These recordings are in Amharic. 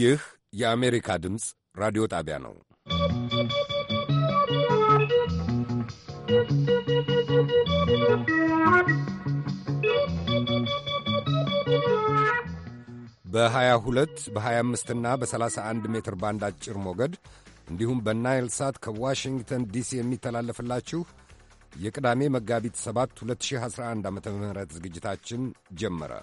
ይህ የአሜሪካ ድምፅ ራዲዮ ጣቢያ ነው። በ22 በ25 እና በ31 ሜትር ባንድ አጭር ሞገድ እንዲሁም በናይል ሳት ከዋሽንግተን ዲሲ የሚተላለፍላችሁ የቅዳሜ መጋቢት 7 2011 ዓ ም ዝግጅታችን ጀመረ።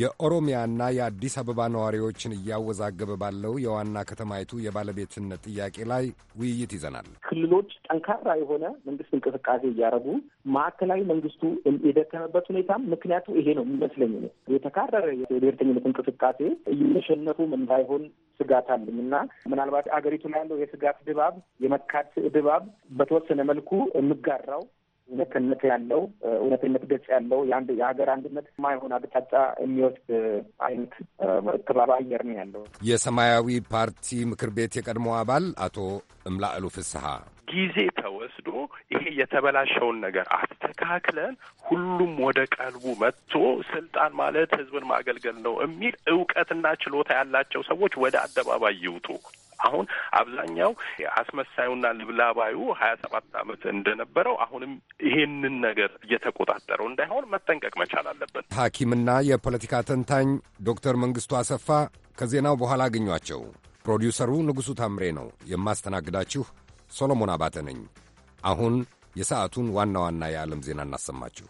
የኦሮሚያና የአዲስ አበባ ነዋሪዎችን እያወዛገበ ባለው የዋና ከተማይቱ የባለቤትነት ጥያቄ ላይ ውይይት ይዘናል። ክልሎች ጠንካራ የሆነ መንግስት እንቅስቃሴ እያደረጉ ማዕከላዊ መንግስቱ የደከመበት ሁኔታም ምክንያቱ ይሄ ነው የሚመስለኝ ነው። የተካረረ የብሔርተኝነት እንቅስቃሴ እየተሸነፉም እንዳይሆን ስጋት አለኝ እና ምናልባት አገሪቱ ላይ ያለው የስጋት ድባብ የመካት ድባብ በተወሰነ መልኩ የምጋራው እውነትነት ያለው እውነትነት ገጽ ያለው የአንድ የሀገር አንድነት የማይሆን አቅጣጫ የሚወስድ አይነት ከባባ አየር ነው ያለው። የሰማያዊ ፓርቲ ምክር ቤት የቀድሞ አባል አቶ እምላእሉ ፍስሐ ጊዜ ተወስዶ ይሄ የተበላሸውን ነገር አስተካክለን ሁሉም ወደ ቀልቡ መጥቶ ስልጣን ማለት ህዝብን ማገልገል ነው የሚል እውቀትና ችሎታ ያላቸው ሰዎች ወደ አደባባይ ይውጡ። አሁን አብዛኛው አስመሳዩና ልብላባዩ ሀያ ሰባት አመት እንደነበረው አሁንም ይሄንን ነገር እየተቆጣጠረው እንዳይሆን መጠንቀቅ መቻል አለበት። ሐኪምና የፖለቲካ ተንታኝ ዶክተር መንግስቱ አሰፋ ከዜናው በኋላ አገኟቸው። ፕሮዲውሰሩ ንጉሡ ታምሬ ነው የማስተናግዳችሁ። ሶሎሞን አባተ ነኝ። አሁን የሰዓቱን ዋና ዋና የዓለም ዜና እናሰማችሁ።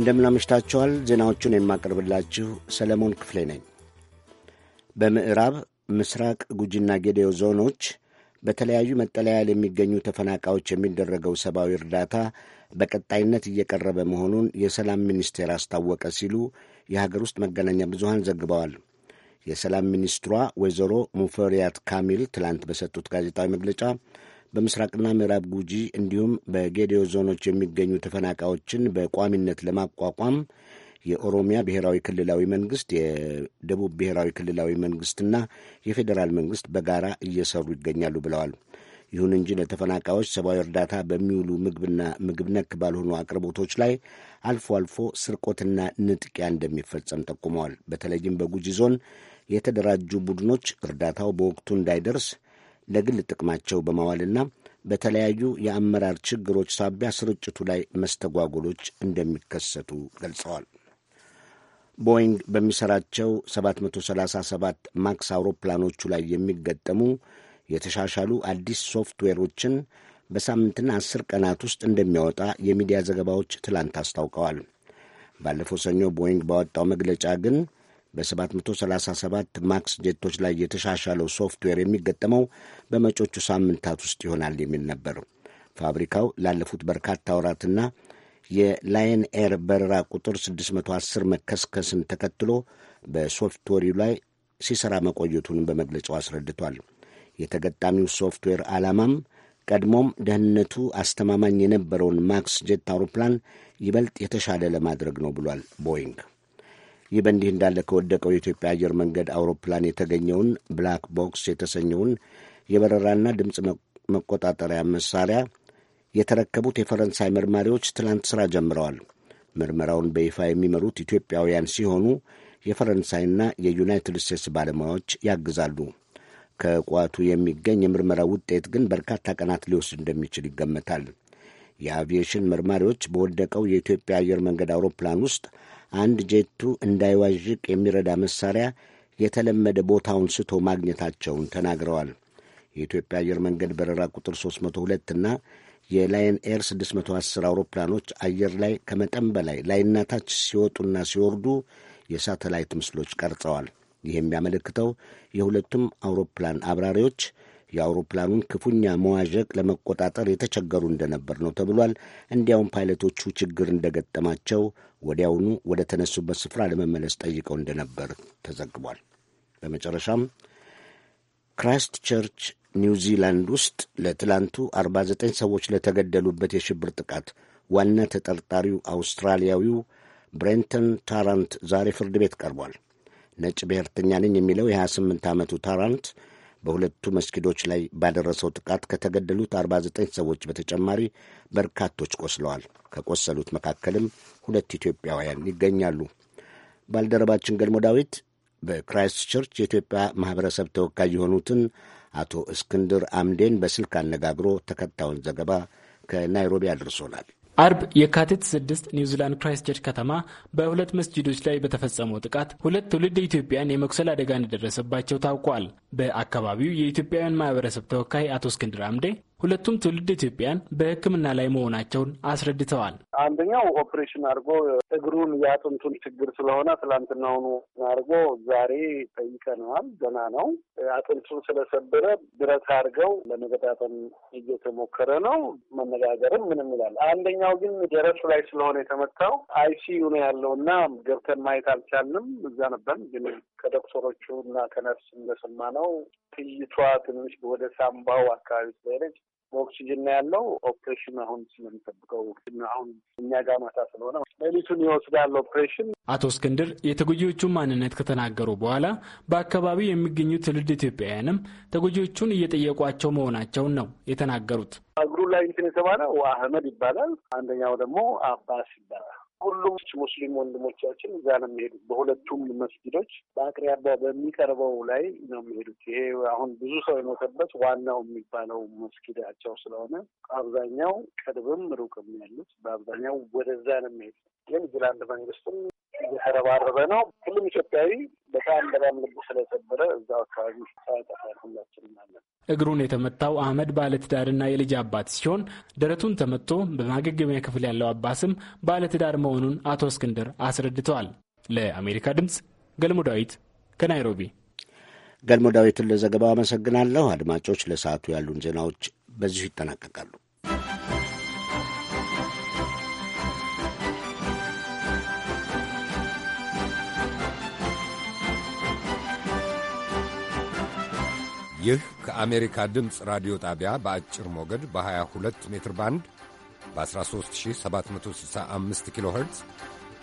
እንደምናመሽታችኋል። ዜናዎቹን የማቀርብላችሁ ሰለሞን ክፍሌ ነኝ። በምዕራብ ምስራቅ ጉጂና ጌዴዮ ዞኖች በተለያዩ መጠለያ ለሚገኙ ተፈናቃዮች የሚደረገው ሰብአዊ እርዳታ በቀጣይነት እየቀረበ መሆኑን የሰላም ሚኒስቴር አስታወቀ ሲሉ የሀገር ውስጥ መገናኛ ብዙሃን ዘግበዋል። የሰላም ሚኒስትሯ ወይዘሮ ሙፈሪያት ካሚል ትላንት በሰጡት ጋዜጣዊ መግለጫ በምስራቅና ምዕራብ ጉጂ እንዲሁም በጌዴዮ ዞኖች የሚገኙ ተፈናቃዮችን በቋሚነት ለማቋቋም የኦሮሚያ ብሔራዊ ክልላዊ መንግስት፣ የደቡብ ብሔራዊ ክልላዊ መንግስትና የፌዴራል መንግስት በጋራ እየሰሩ ይገኛሉ ብለዋል። ይሁን እንጂ ለተፈናቃዮች ሰብአዊ እርዳታ በሚውሉ ምግብና ምግብ ነክ ባልሆኑ አቅርቦቶች ላይ አልፎ አልፎ ስርቆትና ንጥቂያ እንደሚፈጸም ጠቁመዋል። በተለይም በጉጂ ዞን የተደራጁ ቡድኖች እርዳታው በወቅቱ እንዳይደርስ ለግል ጥቅማቸው በማዋልና በተለያዩ የአመራር ችግሮች ሳቢያ ስርጭቱ ላይ መስተጓጎሎች እንደሚከሰቱ ገልጸዋል። ቦይንግ በሚሰራቸው 737 ማክስ አውሮፕላኖቹ ላይ የሚገጠሙ የተሻሻሉ አዲስ ሶፍትዌሮችን በሳምንትና አስር ቀናት ውስጥ እንደሚያወጣ የሚዲያ ዘገባዎች ትላንት አስታውቀዋል። ባለፈው ሰኞ ቦይንግ ባወጣው መግለጫ ግን በ737 ማክስ ጄቶች ላይ የተሻሻለው ሶፍትዌር የሚገጠመው በመጮቹ ሳምንታት ውስጥ ይሆናል የሚል ነበር። ፋብሪካው ላለፉት በርካታ ወራትና የላየን ኤር በረራ ቁጥር 610 መከስከስን ተከትሎ በሶፍትዌሩ ላይ ሲሰራ መቆየቱን በመግለጫው አስረድቷል። የተገጣሚው ሶፍትዌር ዓላማም ቀድሞም ደህንነቱ አስተማማኝ የነበረውን ማክስ ጄት አውሮፕላን ይበልጥ የተሻለ ለማድረግ ነው ብሏል ቦይንግ። ይህ በእንዲህ እንዳለ ከወደቀው የኢትዮጵያ አየር መንገድ አውሮፕላን የተገኘውን ብላክ ቦክስ የተሰኘውን የበረራና ድምፅ መቆጣጠሪያ መሳሪያ የተረከቡት የፈረንሳይ መርማሪዎች ትላንት ሥራ ጀምረዋል። ምርመራውን በይፋ የሚመሩት ኢትዮጵያውያን ሲሆኑ የፈረንሳይና የዩናይትድ ስቴትስ ባለሙያዎች ያግዛሉ። ከእቋቱ የሚገኝ የምርመራ ውጤት ግን በርካታ ቀናት ሊወስድ እንደሚችል ይገመታል። የአቪዬሽን መርማሪዎች በወደቀው የኢትዮጵያ አየር መንገድ አውሮፕላን ውስጥ አንድ ጄቱ እንዳይዋዥቅ የሚረዳ መሳሪያ የተለመደ ቦታውን ስቶ ማግኘታቸውን ተናግረዋል። የኢትዮጵያ አየር መንገድ በረራ ቁጥር 302 እና የላየን ኤር 610 አውሮፕላኖች አየር ላይ ከመጠን በላይ ላይና ታች ሲወጡና ሲወርዱ የሳተላይት ምስሎች ቀርጸዋል። ይህ የሚያመለክተው የሁለቱም አውሮፕላን አብራሪዎች የአውሮፕላኑን ክፉኛ መዋዠቅ ለመቆጣጠር የተቸገሩ እንደነበር ነው ተብሏል። እንዲያውም ፓይለቶቹ ችግር እንደገጠማቸው ወዲያውኑ ወደ ተነሱበት ስፍራ ለመመለስ ጠይቀው እንደነበር ተዘግቧል። በመጨረሻም ክራይስት ቸርች ኒውዚላንድ ውስጥ ለትላንቱ 49 ሰዎች ለተገደሉበት የሽብር ጥቃት ዋና ተጠርጣሪው አውስትራሊያዊው ብሬንተን ታራንት ዛሬ ፍርድ ቤት ቀርቧል። ነጭ ብሔርተኛ ነኝ የሚለው የ28 ዓመቱ ታራንት በሁለቱ መስጊዶች ላይ ባደረሰው ጥቃት ከተገደሉት 49 ሰዎች በተጨማሪ በርካቶች ቆስለዋል። ከቆሰሉት መካከልም ሁለት ኢትዮጵያውያን ይገኛሉ። ባልደረባችን ገልሞ ዳዊት በክራይስት ቸርች የኢትዮጵያ ማኅበረሰብ ተወካይ የሆኑትን አቶ እስክንድር አምዴን በስልክ አነጋግሮ ተከታዩን ዘገባ ከናይሮቢ አድርሶናል። አርብ የካቲት ስድስት ኒውዚላንድ ክራይስትቸርች ከተማ በሁለት መስጂዶች ላይ በተፈጸመው ጥቃት ሁለት ትውልድ ኢትዮጵያን የመቁሰል አደጋ እንደደረሰባቸው ታውቋል። በአካባቢው የኢትዮጵያውያን ማህበረሰብ ተወካይ አቶ እስክንድር አምዴ ሁለቱም ትውልድ ኢትዮጵያን በሕክምና ላይ መሆናቸውን አስረድተዋል። አንደኛው ኦፕሬሽን አድርጎ እግሩን የአጥንቱን ችግር ስለሆነ ትላንትናውኑ አድርጎ ዛሬ ጠይቀነዋል። ገና ነው። አጥንቱን ስለሰበረ ብረት አድርገው ለመገጣጠም እየተሞከረ ነው። መነጋገርም ምንም ይላል። አንደኛው ግን ደረሱ ላይ ስለሆነ የተመታው አይሲዩ ነው ያለው እና ገብተን ማየት አልቻልንም። እዛ ነበር ግን ከዶክተሮቹ እና ከነርስ እንደሰማ ነው ጥይቷ ትንሽ ወደ ሳምባው አካባቢ ስለሆነች በኦክሲጅን ነው ያለው። ኦፕሬሽን አሁን ስለሚጠብቀው አሁን እኛ ጋር ማታ ስለሆነ ሌሊቱን ይወስዳል ኦፕሬሽን። አቶ እስክንድር የተጎጂዎቹን ማንነት ከተናገሩ በኋላ በአካባቢው የሚገኙ ትውልድ ኢትዮጵያውያንም ተጎጂዎቹን እየጠየቋቸው መሆናቸውን ነው የተናገሩት። እግሩ ላይ እንትን የተባለው አህመድ ይባላል፣ አንደኛው ደግሞ አባስ ይባላል። ሁሉም ሙስሊም ወንድሞቻችን እዛ ነው የሚሄዱት። በሁለቱም መስጊዶች በአቅራቢያ በሚቀርበው ላይ ነው የሚሄዱት። ይሄ አሁን ብዙ ሰው የሞተበት ዋናው የሚባለው መስጊዳቸው ስለሆነ አብዛኛው ቅርብም ሩቅም ያሉት በአብዛኛው ወደዛ ነው የሚሄዱት። ግን ጅላንድ መንግስትም የተረባረበ ነው። ሁሉም ኢትዮጵያዊ በጣም በጣም ልብ ስለሰበረ እዛው አካባቢ ሳያጠፋ ሁላችንም አለን። እግሩን የተመታው አህመድ ባለትዳርና የልጅ አባት ሲሆን ደረቱን ተመቶ በማገገሚያ ክፍል ያለው አባስም ባለትዳር መሆኑን አቶ እስክንድር አስረድተዋል። ለአሜሪካ ድምፅ ገልሞ ዳዊት ከናይሮቢ። ገልሞ ዳዊትን ለዘገባው አመሰግናለሁ። አድማጮች፣ ለሰዓቱ ያሉን ዜናዎች በዚሁ ይጠናቀቃሉ። ይህ ከአሜሪካ ድምፅ ራዲዮ ጣቢያ በአጭር ሞገድ በ22 ሜትር ባንድ በ13765 ኪሎ ኸርትዝ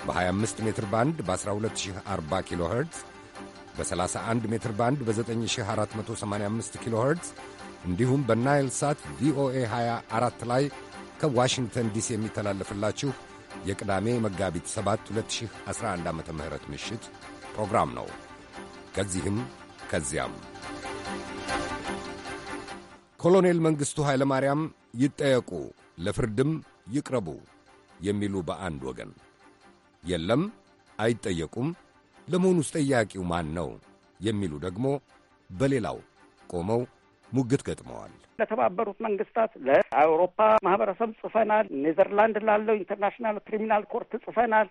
በ25 ሜትር ባንድ በ1240 ኪሎ ኸርትዝ በ31 ሜትር ባንድ በ9485 ኪሎ ኸርትዝ እንዲሁም በናይል ሳት ቪኦኤ 24 ላይ ከዋሽንግተን ዲሲ የሚተላለፍላችሁ የቅዳሜ መጋቢት 7 2011 ዓ ም ምሽት ፕሮግራም ነው። ከዚህም ከዚያም ኮሎኔል መንግሥቱ ኃይለማርያም ይጠየቁ፣ ለፍርድም ይቅረቡ የሚሉ በአንድ ወገን፣ የለም አይጠየቁም፣ ለመሆኑ ጠያቂው ማን ነው የሚሉ ደግሞ በሌላው ቆመው ሙግት ገጥመዋል። ለተባበሩት መንግስታት፣ ለአውሮፓ ማህበረሰብ ጽፈናል። ኔዘርላንድ ላለው ኢንተርናሽናል ክሪሚናል ኮርት ጽፈናል።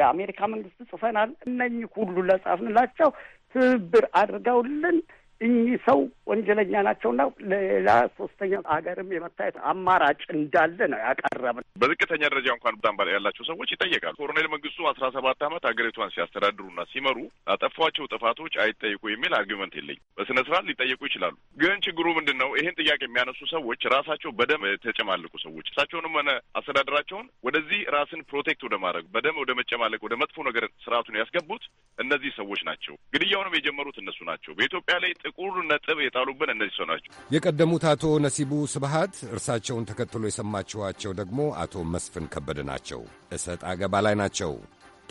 ለአሜሪካ መንግስት ጽፈናል። እነኚህ ሁሉ ለጻፍንላቸው ትብብር አድርገውልን እኚህ ሰው ወንጀለኛ ናቸውና ሌላ ሶስተኛ ሀገርም የመታየት አማራጭ እንዳለ ነው ያቀረብ። በዝቅተኛ ደረጃ እንኳን ዛምባ ያላቸው ሰዎች ይጠየቃሉ። ኮሎኔል መንግስቱ አስራ ሰባት ዓመት ሀገሪቷን ሲያስተዳድሩና ሲመሩ አጠፏቸው ጥፋቶች አይጠይቁ የሚል አርጊመንት የለኝም። በስነ ስርዓት ሊጠየቁ ይችላሉ። ግን ችግሩ ምንድን ነው? ይህን ጥያቄ የሚያነሱ ሰዎች ራሳቸው በደም የተጨማለቁ ሰዎች እሳቸውንም ሆነ አስተዳደራቸውን ወደዚህ ራስን ፕሮቴክት ወደ ማድረግ በደም ወደ መጨማለቅ ወደ መጥፎ ነገር ስርዓቱን ያስገቡት እነዚህ ሰዎች ናቸው። ግድያውንም የጀመሩት እነሱ ናቸው። በኢትዮጵያ ላይ ጥቁር ነጥብ የጣሉብን እነዚህ ሰው ናቸው። የቀደሙት አቶ ነሲቡ ስብሃት፣ እርሳቸውን ተከትሎ የሰማችኋቸው ደግሞ አቶ መስፍን ከበደ ናቸው። እሰጥ አገባ ላይ ናቸው።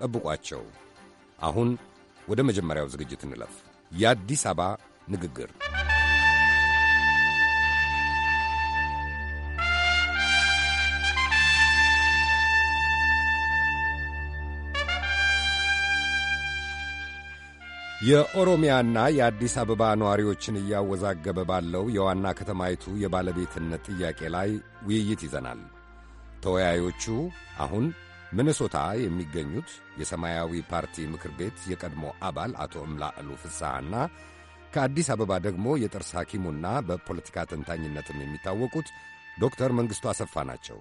ጠብቋቸው። አሁን ወደ መጀመሪያው ዝግጅት እንለፍ። የአዲስ አበባ ንግግር የኦሮሚያና የአዲስ አበባ ነዋሪዎችን እያወዛገበ ባለው የዋና ከተማይቱ የባለቤትነት ጥያቄ ላይ ውይይት ይዘናል። ተወያዮቹ አሁን ሚኒሶታ የሚገኙት የሰማያዊ ፓርቲ ምክር ቤት የቀድሞ አባል አቶ እምላዕሉ ፍስሐና ከአዲስ አበባ ደግሞ የጥርስ ሐኪሙና በፖለቲካ ተንታኝነትም የሚታወቁት ዶክተር መንግሥቱ አሰፋ ናቸው።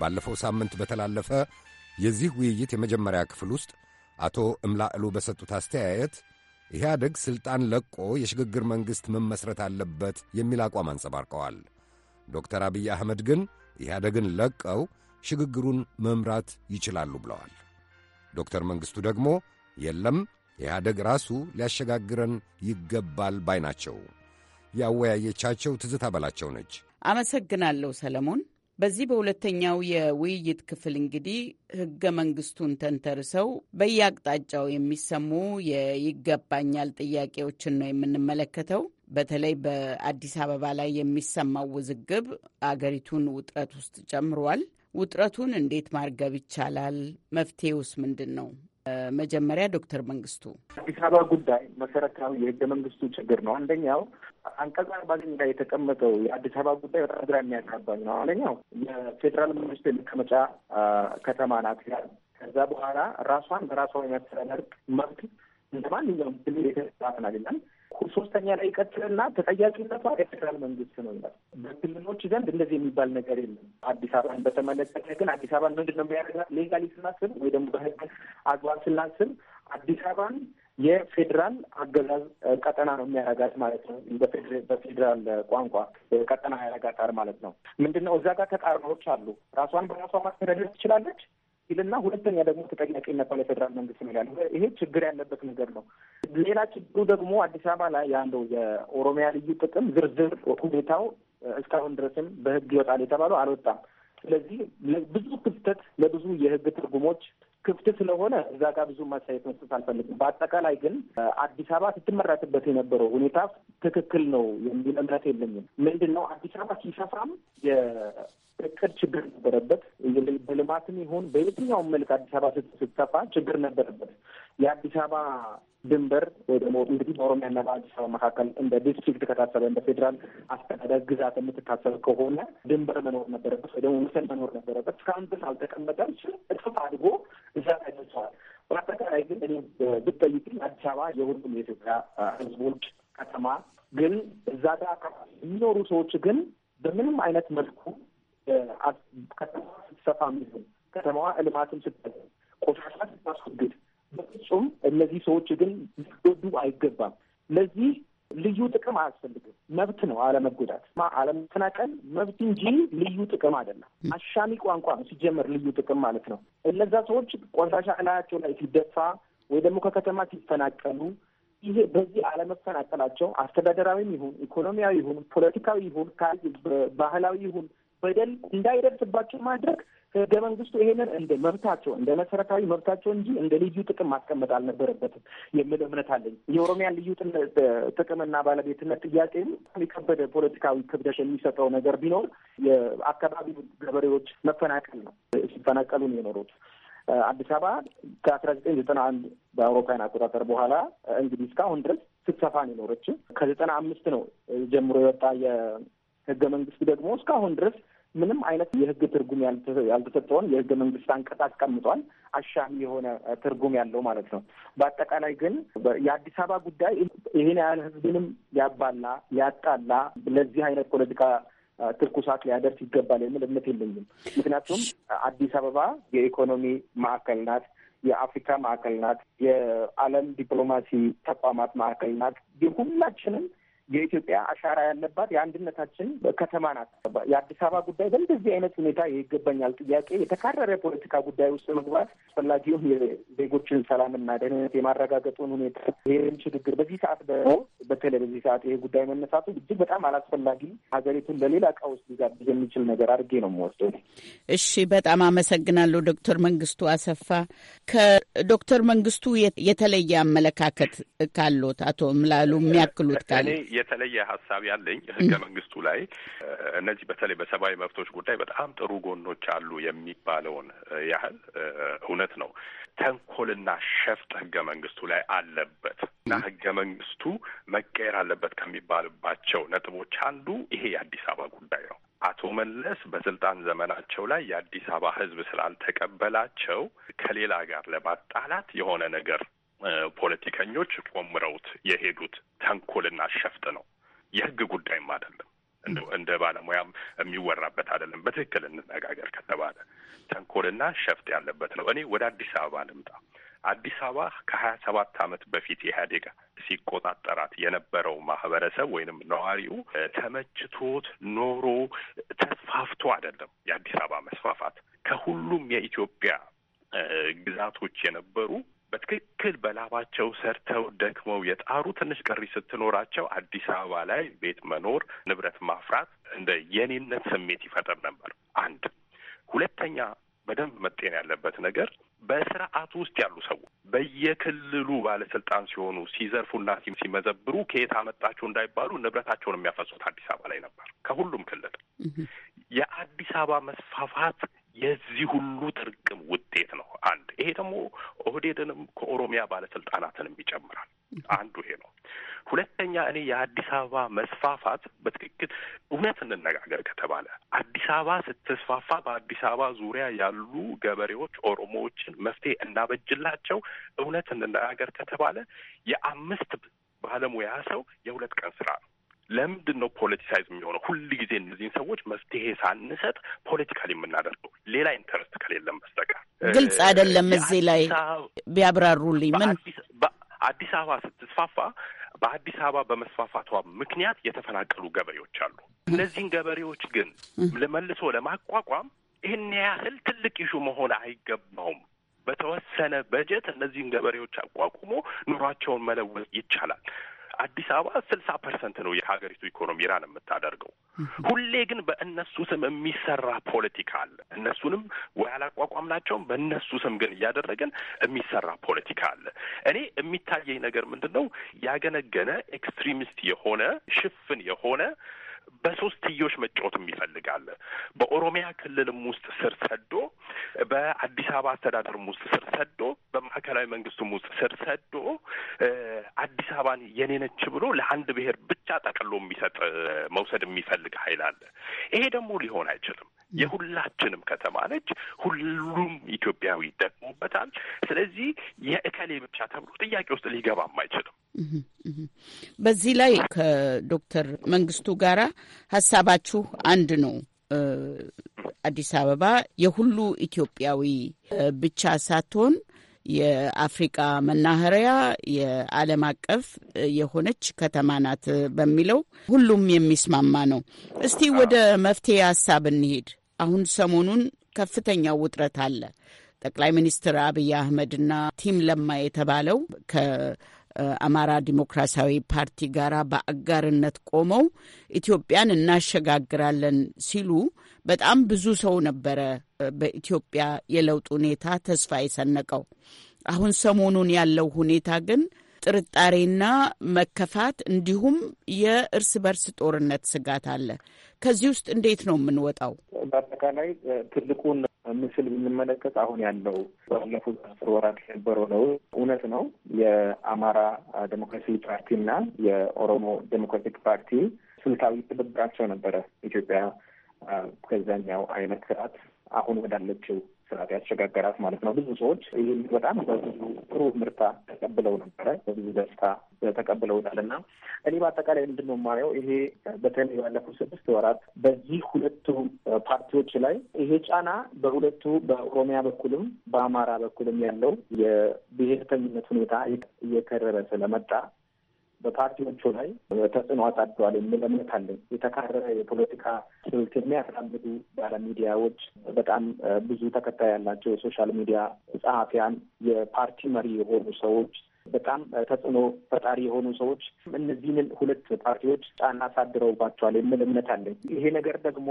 ባለፈው ሳምንት በተላለፈ የዚህ ውይይት የመጀመሪያ ክፍል ውስጥ አቶ እምላዕሉ በሰጡት አስተያየት ኢህአደግ ሥልጣን ለቆ የሽግግር መንግሥት መመስረት አለበት የሚል አቋም አንጸባርቀዋል። ዶክተር አብይ አህመድ ግን ኢህአደግን ለቀው ሽግግሩን መምራት ይችላሉ ብለዋል። ዶክተር መንግሥቱ ደግሞ የለም ኢህአደግ ራሱ ሊያሸጋግረን ይገባል ባይ ናቸው። ያወያየቻቸው ትዝታ በላቸው ነች። አመሰግናለሁ ሰለሞን። በዚህ በሁለተኛው የውይይት ክፍል እንግዲህ ህገ መንግስቱን ተንተርሰው በየአቅጣጫው የሚሰሙ የይገባኛል ጥያቄዎችን ነው የምንመለከተው። በተለይ በአዲስ አበባ ላይ የሚሰማው ውዝግብ አገሪቱን ውጥረት ውስጥ ጨምሯል። ውጥረቱን እንዴት ማርገብ ይቻላል? መፍትሄውስ ምንድን ነው? መጀመሪያ ዶክተር መንግስቱ አዲስ አበባ ጉዳይ መሰረታዊ የህገ መንግስቱ ችግር ነው። አንደኛው አንቀጽ አርባ ዘጠኝ ላይ የተቀመጠው የአዲስ አበባ ጉዳይ በጣም ግራ የሚያጋባኝ ነው። አንደኛው የፌዴራል መንግስቱ የመቀመጫ ከተማ ናት ይላል። ከዛ በኋላ ራሷን በራሷ የመተዳደር መብት እንደ ማንኛውም ክልል የተሰጣትን አይደለም ሶስተኛ ላይ ይቀጥልና ተጠያቂነቷ የፌደራል መንግስት ነው ይላል። በክልሎች ዘንድ እንደዚህ የሚባል ነገር የለም። አዲስ አበባን በተመለከተ ግን አዲስ አበባን ምንድን ነው የሚያደርጋት? ሌጋሊ ስናስብ ወይ ደግሞ በህግ አግባብ ስናስብ አዲስ አበባን የፌዴራል አገዛዝ ቀጠና ነው የሚያረጋት ማለት ነው። በፌዴራል ቋንቋ ቀጠና ያረጋጣል ማለት ነው። ምንድነው እዛ ጋር ተቃርኖዎች አሉ። ራሷን በራሷ ማስተዳደር ትችላለች። ይልና ሁለተኛ ደግሞ ተጠያቂነት ለፌዴራል መንግስት ነው ይላል። ይሄ ችግር ያለበት ነገር ነው። ሌላ ችግሩ ደግሞ አዲስ አበባ ላይ ያለው የኦሮሚያ ልዩ ጥቅም ዝርዝር ሁኔታው እስካሁን ድረስም በህግ ይወጣል የተባለው አልወጣም። ስለዚህ ብዙ ክፍተት ለብዙ የህግ ትርጉሞች ክፍት ስለሆነ እዛ ጋር ብዙ ማስተያየት መስጠት አልፈልግም። በአጠቃላይ ግን አዲስ አበባ ስትመረትበት የነበረው ሁኔታ ትክክል ነው የሚል እምነት የለኝም። ምንድን ነው አዲስ አበባ ሲሰፋም የእቅድ ችግር ነበረበት። በልማትም ይሁን በየትኛውም መልክ አዲስ አበባ ስትሰፋ ችግር ነበረበት። የአዲስ አበባ ድንበር ወይ ደግሞ እንግዲህ በኦሮሚያና በአዲስ አበባ መካከል እንደ ዲስትሪክት ከታሰበ እንደ ፌዴራል አስተዳደር ግዛት የምትታሰብ ከሆነ ድንበር መኖር ነበረበት ወይ ደግሞ ምስል መኖር ነበረበት። እስካሁን ድረስ አልተቀመጠም። እጥፍ አድጎ እዛ ላይ ደርሰዋል። በአጠቃላይ ግን እኔ ብጠይቅ አዲስ አበባ የሁሉም የኢትዮጵያ ሕዝቦች ከተማ ግን እዛ ጋር አካባቢ የሚኖሩ ሰዎች ግን በምንም አይነት መልኩ ከተማ ስትሰፋ የሚሆን ከተማዋ እልማትም ስጠ ቆሻሻ ስታስወግድ በፍጹም እነዚህ ሰዎች ግን ሊጎዱ አይገባም። ለዚህ ልዩ ጥቅም አያስፈልግም። መብት ነው አለመጎዳት፣ አለመፈናቀል መብት እንጂ ልዩ ጥቅም አይደለም። አሻሚ ቋንቋ ነው ሲጀመር ልዩ ጥቅም ማለት ነው። እነዛ ሰዎች ቆሻሻ እላያቸው ላይ ሲደፋ ወይ ደግሞ ከከተማ ሲፈናቀሉ ይሄ በዚህ አለመፈናቀላቸው አስተዳደራዊም ይሁን ኢኮኖሚያዊ ይሁን ፖለቲካዊ ይሁን ባህላዊ ይሁን በደል እንዳይደርስባቸው ማድረግ ህገ መንግስቱ ይሄንን እንደ መብታቸው እንደ መሰረታዊ መብታቸው እንጂ እንደ ልዩ ጥቅም ማስቀመጥ አልነበረበትም የሚል እምነት አለኝ። የኦሮሚያን ልዩ ጥቅምና ባለቤትነት ጥያቄ የከበደ ፖለቲካዊ ክብደሽ የሚሰጠው ነገር ቢኖር የአካባቢ ገበሬዎች መፈናቀል ነው። ሲፈናቀሉ ነው የኖሩት። አዲስ አበባ ከአስራ ዘጠኝ ዘጠና አንድ በአውሮፓውያን አቆጣጠር በኋላ እንግዲህ እስካሁን ድረስ ስትሰፋ ነው የኖረችው። ከዘጠና አምስት ነው ጀምሮ የወጣ የህገ መንግስት ደግሞ እስካሁን ድረስ ምንም አይነት የህግ ትርጉም ያልተሰጠውን የህገ መንግስት አንቀጽ አስቀምጧል። አሻሚ የሆነ ትርጉም ያለው ማለት ነው። በአጠቃላይ ግን የአዲስ አበባ ጉዳይ ይህን ያህል ህዝብንም ሊያባላ ሊያጣላ፣ ለዚህ አይነት ፖለቲካ ትርኩሳት ሊያደርስ ይገባል የሚል እምነት የለኝም። ምክንያቱም አዲስ አበባ የኢኮኖሚ ማዕከል ናት። የአፍሪካ ማዕከል ናት። የዓለም ዲፕሎማሲ ተቋማት ማዕከል ናት። የሁላችንም የኢትዮጵያ አሻራ ያለባት የአንድነታችን ከተማ ናት። የአዲስ አበባ ጉዳይ በእንደዚህ አይነት ሁኔታ ይገባኛል ጥያቄ የተካረረ የፖለቲካ ጉዳይ ውስጥ መግባት አስፈላጊውን የዜጎችን ሰላምና ደህንነት የማረጋገጡን ሁኔታ ይህን ሽግግር በዚህ ሰዓት በተለይ በዚህ ሰዓት ይሄ ጉዳይ መነሳቱ እጅግ በጣም አላስፈላጊ ሀገሪቱን ለሌላ ቀውስ ሊጋብዝ የሚችል ነገር አድርጌ ነው የምወስደው። እሺ፣ በጣም አመሰግናለሁ ዶክተር መንግስቱ አሰፋ። ከዶክተር መንግስቱ የተለየ አመለካከት ካሎት አቶ ምላሉ የሚያክሉት ካለ የተለየ ሀሳብ ያለኝ ህገ መንግስቱ ላይ እነዚህ በተለይ በሰብአዊ መብቶች ጉዳይ በጣም ጥሩ ጎኖች አሉ የሚባለውን ያህል እውነት ነው። ተንኮልና ሸፍጥ ህገ መንግስቱ ላይ አለበት እና ህገ መንግስቱ መቀየር አለበት ከሚባልባቸው ነጥቦች አንዱ ይሄ የአዲስ አበባ ጉዳይ ነው። አቶ መለስ በስልጣን ዘመናቸው ላይ የአዲስ አበባ ህዝብ ስላልተቀበላቸው ከሌላ ጋር ለማጣላት የሆነ ነገር ፖለቲከኞች ቆምረውት የሄዱት ተንኮልና ሸፍጥ ነው። የህግ ጉዳይም አይደለም። እንደ ባለሙያም የሚወራበት አይደለም። በትክክል እንነጋገር ከተባለ ተንኮልና ሸፍጥ ያለበት ነው። እኔ ወደ አዲስ አበባ ልምጣ። አዲስ አበባ ከሀያ ሰባት ዓመት በፊት ኢህአዴግ ሲቆጣጠራት የነበረው ማህበረሰብ ወይንም ነዋሪው ተመችቶት ኖሮ ተስፋፍቶ አይደለም። የአዲስ አበባ መስፋፋት ከሁሉም የኢትዮጵያ ግዛቶች የነበሩ በትክክል በላባቸው ሰርተው ደክመው የጣሩ ትንሽ ቀሪ ስትኖራቸው አዲስ አበባ ላይ ቤት መኖር፣ ንብረት ማፍራት እንደ የኔነት ስሜት ይፈጥር ነበር። አንድ ሁለተኛ በደንብ መጤን ያለበት ነገር በስርዓቱ ውስጥ ያሉ ሰዎች በየክልሉ ባለስልጣን ሲሆኑ ሲዘርፉና ሲመዘብሩ ከየት አመጣችሁ እንዳይባሉ ንብረታቸውን የሚያፈሱት አዲስ አበባ ላይ ነበር። ከሁሉም ክልል የአዲስ አበባ መስፋፋት የዚህ ሁሉ ጥርቅም ውጤት ነው። አንድ ይሄ ደግሞ ኦህዴድንም ከኦሮሚያ ባለስልጣናትንም ይጨምራል። አንዱ ይሄ ነው። ሁለተኛ እኔ የአዲስ አበባ መስፋፋት በትክክል እውነት እንነጋገር ከተባለ አዲስ አበባ ስትስፋፋ በአዲስ አበባ ዙሪያ ያሉ ገበሬዎች ኦሮሞዎችን መፍትሄ እናበጅላቸው። እውነት እንነጋገር ከተባለ የአምስት ባለሙያ ሰው የሁለት ቀን ስራ ነው። ለምንድን ነው ፖለቲሳይዝ የሚሆነው? ሁል ጊዜ እነዚህን ሰዎች መፍትሄ ሳንሰጥ ፖለቲካል የምናደርገው ሌላ ኢንተረስት ከሌለም በስተቀር ግልጽ አይደለም። እዚህ ላይ ቢያብራሩልኝ ምን አዲስ አበባ ስትስፋፋ በአዲስ አበባ በመስፋፋቷ ምክንያት የተፈናቀሉ ገበሬዎች አሉ። እነዚህን ገበሬዎች ግን መልሶ ለማቋቋም ይህን ያህል ትልቅ ይሹ መሆን አይገባውም። በተወሰነ በጀት እነዚህን ገበሬዎች አቋቁሞ ኑሯቸውን መለወጥ ይቻላል። አዲስ አበባ ስልሳ ፐርሰንት ነው የሀገሪቱ ኢኮኖሚ ራን የምታደርገው። ሁሌ ግን በእነሱ ስም የሚሰራ ፖለቲካ አለ። እነሱንም ወይ ናቸውም በእነሱ ስም ግን እያደረገን የሚሰራ ፖለቲካ አለ። እኔ የሚታየኝ ነገር ምንድን ነው? ያገነገነ ኤክስትሪሚስት የሆነ ሽፍን የሆነ በሶስትዮሽ መጫወትም ይፈልጋል። በኦሮሚያ ክልልም ውስጥ ስር ሰዶ፣ በአዲስ አበባ አስተዳደርም ውስጥ ስር ሰዶ፣ በማዕከላዊ መንግስቱም ውስጥ ስር ሰዶ አዲስ አበባን የኔ ነች ብሎ ለአንድ ብሔር ብቻ ጠቅሎ የሚሰጥ መውሰድ የሚፈልግ ኃይል አለ። ይሄ ደግሞ ሊሆን አይችልም። የሁላችንም ከተማ ነች። ሁሉም ኢትዮጵያዊ ይጠቅሙበታል። ስለዚህ የእከሌ ብቻ ተብሎ ጥያቄ ውስጥ ሊገባም አይችልም። በዚህ ላይ ከዶክተር መንግስቱ ጋር ሀሳባችሁ አንድ ነው። አዲስ አበባ የሁሉ ኢትዮጵያዊ ብቻ ሳትሆን የአፍሪቃ መናኸሪያ የዓለም አቀፍ የሆነች ከተማ ናት በሚለው ሁሉም የሚስማማ ነው። እስቲ ወደ መፍትሄ ሀሳብ እንሄድ። አሁን ሰሞኑን ከፍተኛው ውጥረት አለ። ጠቅላይ ሚኒስትር አብይ አህመድና ቲም ለማ የተባለው ከ አማራ ዲሞክራሲያዊ ፓርቲ ጋር በአጋርነት ቆመው ኢትዮጵያን እናሸጋግራለን ሲሉ በጣም ብዙ ሰው ነበረ በኢትዮጵያ የለውጥ ሁኔታ ተስፋ የሰነቀው። አሁን ሰሞኑን ያለው ሁኔታ ግን ጥርጣሬና መከፋት እንዲሁም የእርስ በርስ ጦርነት ስጋት አለ። ከዚህ ውስጥ እንዴት ነው የምንወጣው? በአጠቃላይ ትልቁን ምስል ብንመለከት አሁን ያለው ባለፉት አስር ወራት የነበረው ነው እውነት ነው። የአማራ ዴሞክራሲ ፓርቲና የኦሮሞ ዴሞክራቲክ ፓርቲ ስልታዊ ትብብራቸው ነበረ ኢትዮጵያ ከዛኛው አይነት ስርዓት አሁን ወዳለችው ስርዓት ያሸጋገራት ማለት ነው። ብዙ ሰዎች ይህን በጣም በብዙ ጥሩ ምርታ ተቀብለው ነበረ፣ በብዙ ደስታ ተቀብለውታል። እና እኔ በአጠቃላይ ምንድን ነው የማየው ይሄ በተለይ ባለፉት ስድስት ወራት በዚህ ሁለቱ ፓርቲዎች ላይ ይሄ ጫና በሁለቱ በኦሮሚያ በኩልም በአማራ በኩልም ያለው የብሔርተኝነት ሁኔታ እየከረረ ስለመጣ በፓርቲዎቹ ላይ ተጽዕኖ አሳድሯል የሚል እምነት አለኝ። የተካረረ የፖለቲካ ስልት የሚያራምዱ ባለሚዲያዎች፣ በጣም ብዙ ተከታይ ያላቸው የሶሻል ሚዲያ ጸሐፊያን፣ የፓርቲ መሪ የሆኑ ሰዎች፣ በጣም ተጽዕኖ ፈጣሪ የሆኑ ሰዎች እነዚህን ሁለት ፓርቲዎች ጫና አሳድረውባቸዋል የሚል እምነት አለኝ። ይሄ ነገር ደግሞ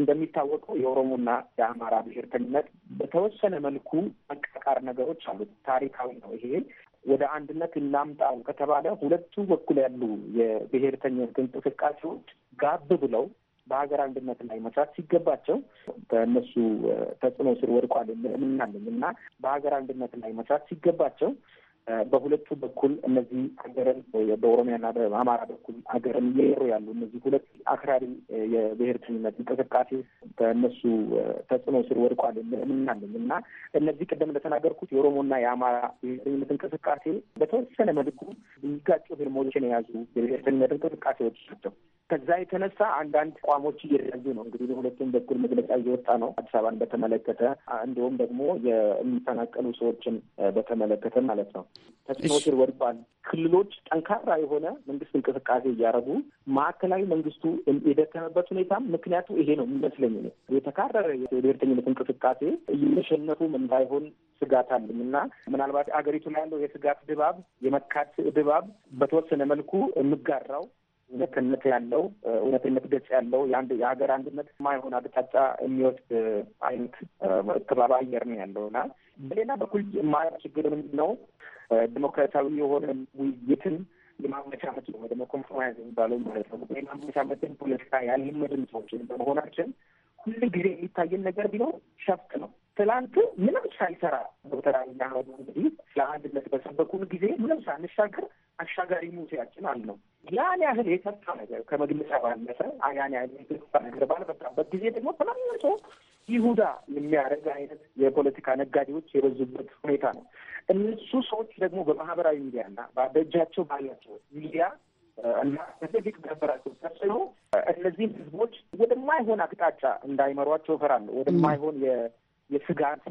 እንደሚታወቀው የኦሮሞና የአማራ ብሔርተኝነት በተወሰነ መልኩ መቃቃር ነገሮች አሉት። ታሪካዊ ነው ይሄ ወደ አንድነት እናምጣው ከተባለ ሁለቱ በኩል ያሉ የብሔርተኝነት እንቅስቃሴዎች ጋብ ብለው በሀገር አንድነት ላይ መስራት ሲገባቸው በእነሱ ተጽዕኖ ስር ወድቋል የምናለኝ እና በሀገር አንድነት ላይ መስራት ሲገባቸው በሁለቱ በኩል እነዚህ ሀገርን በኦሮሚያና በአማራ በኩል ሀገርን እየሩ ያሉ እነዚህ ሁለት አክራሪ የብሔርተኝነት እንቅስቃሴ በእነሱ ተጽዕኖ ስር ወድቋል ምናለኝ እና እነዚህ ቅደም እንደተናገርኩት የኦሮሞና የአማራ ብሔርተኝነት እንቅስቃሴ በተወሰነ መልኩ ሊጋጩ ህልሞችን የያዙ የብሔርተኝነት እንቅስቃሴዎች ናቸው። ከዛ የተነሳ አንዳንድ ቋሞች እየተያዙ ነው። እንግዲህ በሁለቱም በኩል መግለጫ እየወጣ ነው። አዲስ አበባን በተመለከተ እንዲሁም ደግሞ የሚፈናቀሉ ሰዎችን በተመለከተ ማለት ነው። ተጽዕኖ ስር ወድቋል። ክልሎች ጠንካራ የሆነ መንግስት እንቅስቃሴ እያደረጉ ማዕከላዊ መንግስቱ የደከመበት ሁኔታም ምክንያቱ ይሄ ነው የሚመስለኝ የተካረረ የብሔርተኝነት እንቅስቃሴ እየተሸነፉም እንዳይሆን ስጋት አለኝ እና ምናልባት አገሪቱ ላይ ያለው የስጋት ድባብ የመካት ድባብ በተወሰነ መልኩ የምጋራው ልክነት ያለው እውነትነት ገጽ ያለው የአንድ የሀገር አንድነት ማይሆን አቅጣጫ የሚወስድ አይነት ከባቢ አየር ነው ያለው እና በሌላ በኩል የማያ ችግር ምንድን ነው? ዲሞክራሲያዊ የሆነ ውይይትን የማመቻመት ነው ደግሞ ኮምፕሮማይዝ የሚባለው ማለት ነው። የማመቻመትን ፖለቲካ ያልለመድን ሰዎችን በመሆናችን ሁሉ ጊዜ የሚታየን ነገር ቢሆን ሸፍጥ ነው። ትላንት ምንም ሳይሰራ ዶክተር አብይ አህመድ እንግዲህ ለአንድነት በሰበኩን ጊዜ ምንም ሳንሻገር አሻጋሪ ሙሴያችን ነው ያን ያህል የሰጣ ነገር ከመግለጫ ባለፈ ያን ያህል የተሰጣ ነገር ባለፈጣበት ጊዜ ደግሞ ተመልሶ ይሁዳ የሚያደርግ አይነት የፖለቲካ ነጋዴዎች የበዙበት ሁኔታ ነው። እነሱ ሰዎች ደግሞ በማህበራዊ ሚዲያና በእጃቸው ባላቸው ሚዲያ እና በፊት ነበራቸው ተጽዕኖ እነዚህም ህዝቦች ወደማይሆን አቅጣጫ እንዳይመሯቸው እፈራለሁ። ወደማይሆን የስጋት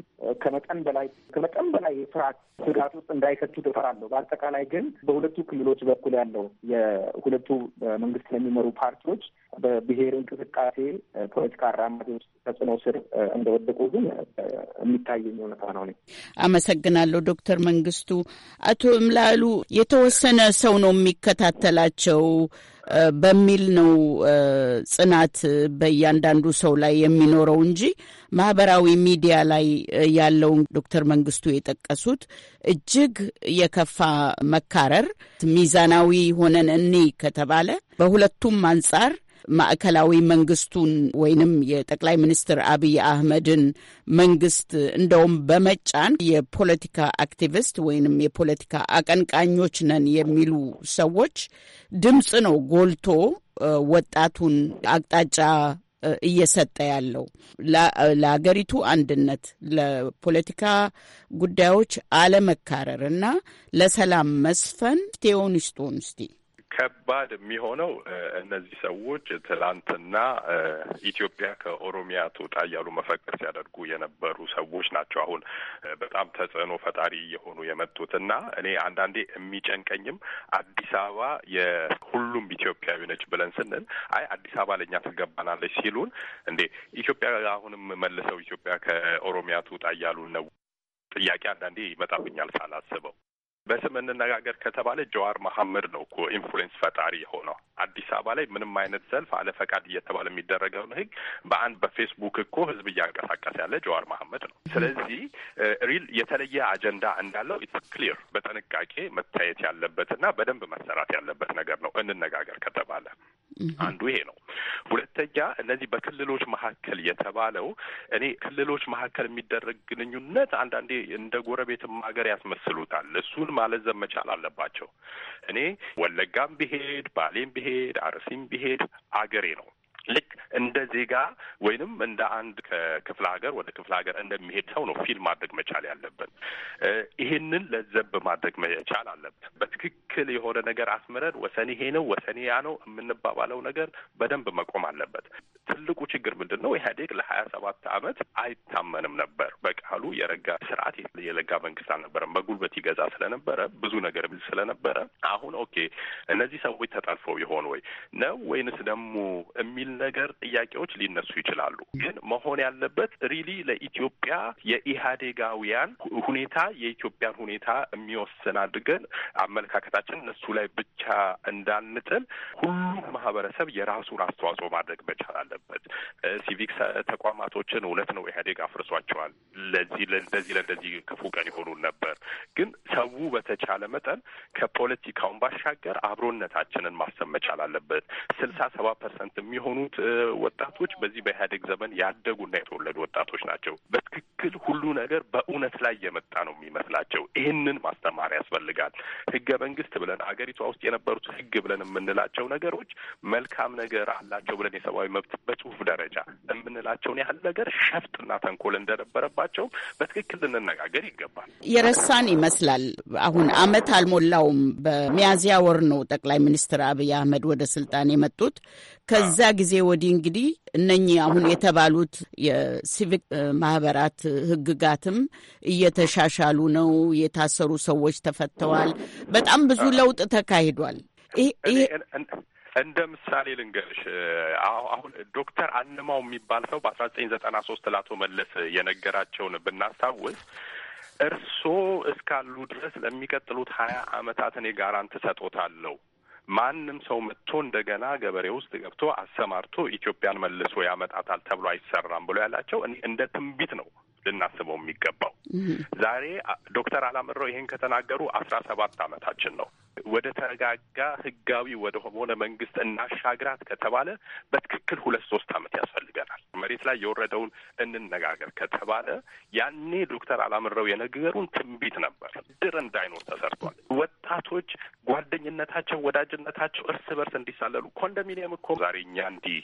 ከመጠን በላይ ከመጠን በላይ የፍርሃት ስጋት ውስጥ እንዳይከቱ ትፈራለሁ። በአጠቃላይ ግን በሁለቱ ክልሎች በኩል ያለው የሁለቱ መንግስት የሚመሩ ፓርቲዎች በብሔር እንቅስቃሴ ፖለቲካ አራማጆች ተጽዕኖ ስር እንደወደቁ ግን የሚታየኝ እውነታ ነው። አመሰግናለሁ ዶክተር መንግስቱ። አቶ እምላሉ የተወሰነ ሰው ነው የሚከታተላቸው በሚል ነው ጽናት በእያንዳንዱ ሰው ላይ የሚኖረው እንጂ ማህበራዊ ሚዲያ ላይ ያለውን ዶክተር መንግስቱ የጠቀሱት እጅግ የከፋ መካረር ሚዛናዊ ሆነን እኒ ከተባለ በሁለቱም አንጻር ማዕከላዊ መንግስቱን ወይንም የጠቅላይ ሚኒስትር አብይ አህመድን መንግስት እንደውም በመጫን የፖለቲካ አክቲቪስት ወይንም የፖለቲካ አቀንቃኞች ነን የሚሉ ሰዎች ድምፅ ነው ጎልቶ ወጣቱን አቅጣጫ እየሰጠ ያለው ለሀገሪቱ አንድነት፣ ለፖለቲካ ጉዳዮች አለመካረር እና ለሰላም መስፈን ቴዮን ስቶን እስቲ ከባድ የሚሆነው እነዚህ ሰዎች ትላንትና ኢትዮጵያ ከኦሮሚያ ትውጣ እያሉ መፈክር ሲያደርጉ የነበሩ ሰዎች ናቸው። አሁን በጣም ተጽዕኖ ፈጣሪ እየሆኑ የመጡት እና እኔ አንዳንዴ የሚጨንቀኝም አዲስ አበባ የሁሉም ኢትዮጵያዊ ነች ብለን ስንል አይ አዲስ አበባ ለእኛ ትገባናለች ሲሉን እንዴ ኢትዮጵያ አሁንም መልሰው ኢትዮጵያ ከኦሮሚያ ትውጣ እያሉ ነው። ጥያቄ አንዳንዴ ይመጣብኛል ሳላስበው። በስም እንነጋገር ከተባለ ጀዋር መሐመድ ነው እኮ ኢንፍሉዌንስ ፈጣሪ የሆነው አዲስ አበባ ላይ ምንም አይነት ሰልፍ አለ ፈቃድ እየተባለ የሚደረገውን ህግ በአንድ በፌስቡክ እኮ ህዝብ እያንቀሳቀሰ ያለ ጀዋር መሐመድ ነው። ስለዚህ ሪል የተለየ አጀንዳ እንዳለው ኢትስ ክሊር በጥንቃቄ መታየት ያለበትና በደንብ መሰራት ያለበት ነገር ነው። እንነጋገር ከተባለ አንዱ ይሄ ነው። ሁለተኛ እነዚህ በክልሎች መካከል የተባለው እኔ ክልሎች መካከል የሚደረግ ግንኙነት አንዳንዴ እንደ ጎረቤትም ሀገር ያስመስሉታል እሱን ማለዘብ መቻል አለባቸው። እኔ ወለጋም ብሄድ፣ ባሌም ብሄድ፣ አርሲም ብሄድ አገሬ ነው። ልክ እንደ ዜጋ ወይንም እንደ አንድ ከክፍለ ሀገር ወደ ክፍለ ሀገር እንደሚሄድ ሰው ነው ፊል ማድረግ መቻል ያለብን። ይህንን ለዘብ ማድረግ መቻል አለብን። በትክክል የሆነ ነገር አስምረን ወሰን ይሄ ነው ወሰን ያ ነው የምንባባለው ነገር በደንብ መቆም አለበት። ትልቁ ችግር ምንድን ነው? ኢህአዴግ ለሀያ ሰባት አመት አይታመንም ነበር። በቃሉ የረጋ ስርዓት የለጋ መንግስት አልነበረም። በጉልበት ይገዛ ስለነበረ ብዙ ነገር ብል ስለነበረ አሁን ኦኬ እነዚህ ሰዎች ተጠልፈው ይሆን ወይ ነው ወይንስ ደግሞ የሚል ነገር ጥያቄዎች ሊነሱ ይችላሉ። ግን መሆን ያለበት ሪሊ ለኢትዮጵያ የኢህአዴጋውያን ሁኔታ የኢትዮጵያን ሁኔታ የሚወስን አድርገን አመለካከታችን እነሱ ላይ ብቻ እንዳንጥል ሁሉም ማህበረሰብ የራሱን አስተዋጽኦ ማድረግ መቻል አለበት። ሲቪክ ተቋማቶችን እውነት ነው ኢህአዴግ አፍርሷቸዋል። ለዚህ ለእንደዚህ ለእንደዚህ ክፉ ቀን የሆኑን ነበር። ግን ሰው በተቻለ መጠን ከፖለቲካውን ባሻገር አብሮነታችንን ማሰብ መቻል አለበት። ስልሳ ሰባ ፐርሰንት የሚሆኑ የሆኑት ወጣቶች በዚህ በኢህአዴግ ዘመን ያደጉና የተወለዱ ወጣቶች ናቸው። በትክክል ሁሉ ነገር በእውነት ላይ የመጣ ነው የሚመስላቸው። ይህንን ማስተማር ያስፈልጋል። ህገ መንግስት ብለን አገሪቷ ውስጥ የነበሩት ህግ ብለን የምንላቸው ነገሮች መልካም ነገር አላቸው ብለን የሰብአዊ መብት በጽሁፍ ደረጃ የምንላቸውን ያህል ነገር ሸፍጥና ተንኮል እንደነበረባቸውም በትክክል ልንነጋገር ይገባል። የረሳን ይመስላል። አሁን አመት አልሞላውም። በሚያዝያ ወር ነው ጠቅላይ ሚኒስትር አብይ አህመድ ወደ ስልጣን የመጡት። ከዛ ጊዜ ጊዜ ወዲህ እንግዲህ እነኚህ አሁን የተባሉት የሲቪክ ማህበራት ህግጋትም እየተሻሻሉ ነው። የታሰሩ ሰዎች ተፈተዋል። በጣም ብዙ ለውጥ ተካሂዷል። እንደ ምሳሌ ልንገርሽ። አሁን ዶክተር አንማው የሚባል ሰው በአስራ ዘጠኝ ዘጠና ሶስት ለአቶ መለስ የነገራቸውን ብናስታውስ እርስዎ እስካሉ ድረስ ለሚቀጥሉት ሀያ አመታት እኔ ጋራንት እሰጦታለሁ ማንም ሰው መጥቶ እንደገና ገበሬ ውስጥ ገብቶ አሰማርቶ ኢትዮጵያን መልሶ ያመጣታል ተብሎ አይሰራም ብሎ ያላቸው እንደ ትንቢት ነው ልናስበው የሚገባው። ዛሬ ዶክተር አላምረው ይሄን ከተናገሩ አስራ ሰባት አመታችን ነው። ወደ ተረጋጋ ህጋዊ ወደ ሆነ መንግስት እናሻግራት ከተባለ በትክክል ሁለት ሶስት አመት ያስፈልገናል። መሬት ላይ የወረደውን እንነጋገር ከተባለ ያኔ ዶክተር አላምረው የነገሩን ትንቢት ነበር። ድር እንዳይኖር ተሰርቷል። ወጣቶች ጓደኝነታቸው፣ ወዳጅነታቸው እርስ በርስ እንዲሳለሉ ኮንዶሚኒየም እኮ ዛሬ እኛ እንዲህ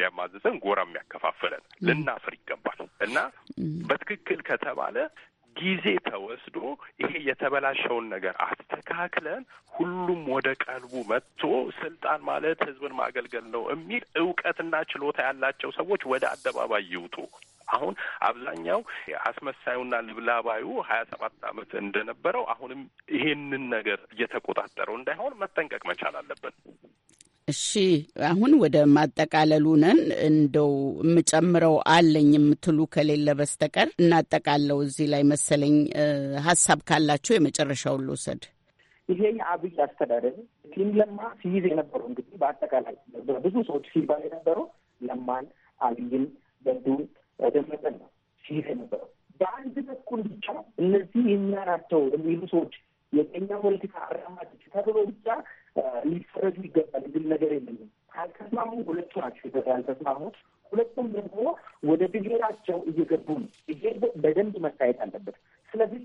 ሊያማዝዘን ጎራ የሚያከፋፍለን ልናፍር ይገባል እና በትክክል ከተባለ ጊዜ ተወስዶ ይሄ የተበላሸውን ነገር አስተካክለን ሁሉም ወደ ቀልቡ መጥቶ ስልጣን ማለት ህዝብን ማገልገል ነው የሚል እውቀትና ችሎታ ያላቸው ሰዎች ወደ አደባባይ ይውጡ። አሁን አብዛኛው አስመሳዩና ልብላባዩ ሀያ ሰባት ዓመት እንደነበረው አሁንም ይሄንን ነገር እየተቆጣጠረው እንዳይሆን መጠንቀቅ መቻል አለብን። እሺ አሁን ወደ ማጠቃለሉ ነን። እንደው የምጨምረው አለኝ የምትሉ ከሌለ በስተቀር እናጠቃለው። እዚህ ላይ መሰለኝ ሀሳብ ካላችሁ የመጨረሻውን ልውሰድ። ይሄ የአብይ አስተዳደር ቲም ለማ ሲይዝ የነበረው እንግዲህ በአጠቃላይ ብዙ ሰዎች ሲባል የነበረው ለማን፣ አብይን፣ ገዱን፣ ደመቀን ነው ሲይዝ የነበረው። በአንድ በኩል ብቻ እነዚህ የእኛ ናቸው የሚሉ ሰዎች የኛ ፖለቲካ አራማ ተብሎ ብቻ ሊፈረጁ ይገ ነገር የለኝም። ካልተስማሙ ሁለቱ ናቸው ኢትዮጵያ ያልተስማሙት። ሁለቱም ደግሞ ወደ ብሔራቸው እየገቡ ነው። ይሄ በደንብ መታየት አለበት። ስለዚህ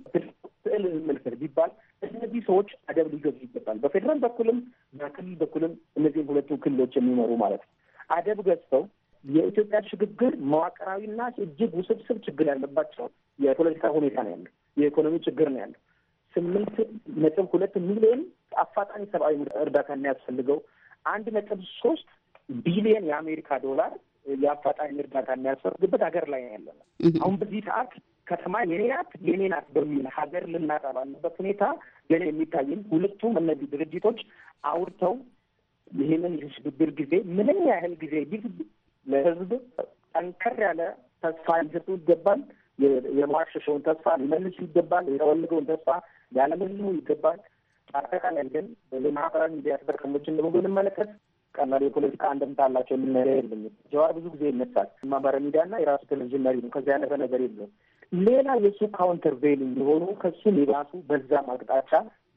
ስዕል እንመልከት ቢባል እነዚህ ሰዎች አደብ ሊገዙ ይገባል። በፌዴራል በኩልም በክልል በኩልም እነዚህም ሁለቱ ክልሎች የሚመሩ ማለት ነው አደብ ገዝተው የኢትዮጵያ ሽግግር መዋቅራዊና እጅግ ውስብስብ ችግር ያለባቸው የፖለቲካ ሁኔታ ነው ያለው፣ የኢኮኖሚ ችግር ነው ያለው። ስምንት ነጥብ ሁለት ሚሊዮን አፋጣኝ ሰብአዊ እርዳታ የሚያስፈልገው አንድ ነጥብ ሶስት ቢሊየን የአሜሪካ ዶላር የአፋጣኝ እርዳታ የሚያስፈልግበት ሀገር ላይ ነው ያለነው። አሁን በዚህ ሰዓት ከተማ የኔ ናት የኔ ናት በሚል ሀገር ልናጣ ባለበት ሁኔታ ገና የሚታይም ሁለቱም እነዚህ ድርጅቶች አውርተው ይህንን የሽግግር ጊዜ ምንም ያህል ጊዜ ቢፍጅ ለህዝብ ጠንከር ያለ ተስፋ ሊሰጡ ይገባል። የማሸሸውን ተስፋ ሊመልሱ ይገባል። የተወልገውን ተስፋ ሊያለመልሙ ይገባል። አጠቃላይ ግን ለማህበራዊ ሚዲያ ተጠቃሚዎችን ደግሞ ብንመለከት ቀመር የፖለቲካ አንድምታ አላቸው የምንለው የለም። ጀዋር ብዙ ጊዜ ይነሳል። ማህበራዊ ሚዲያና የራሱ ቴሌቪዥን መሪ ነው። ከዚያ ያለፈ ነገር የለውም። ሌላ የእሱ ካውንተር ቬል የሆኑ ከሱ የባሱ በዛም አቅጣጫ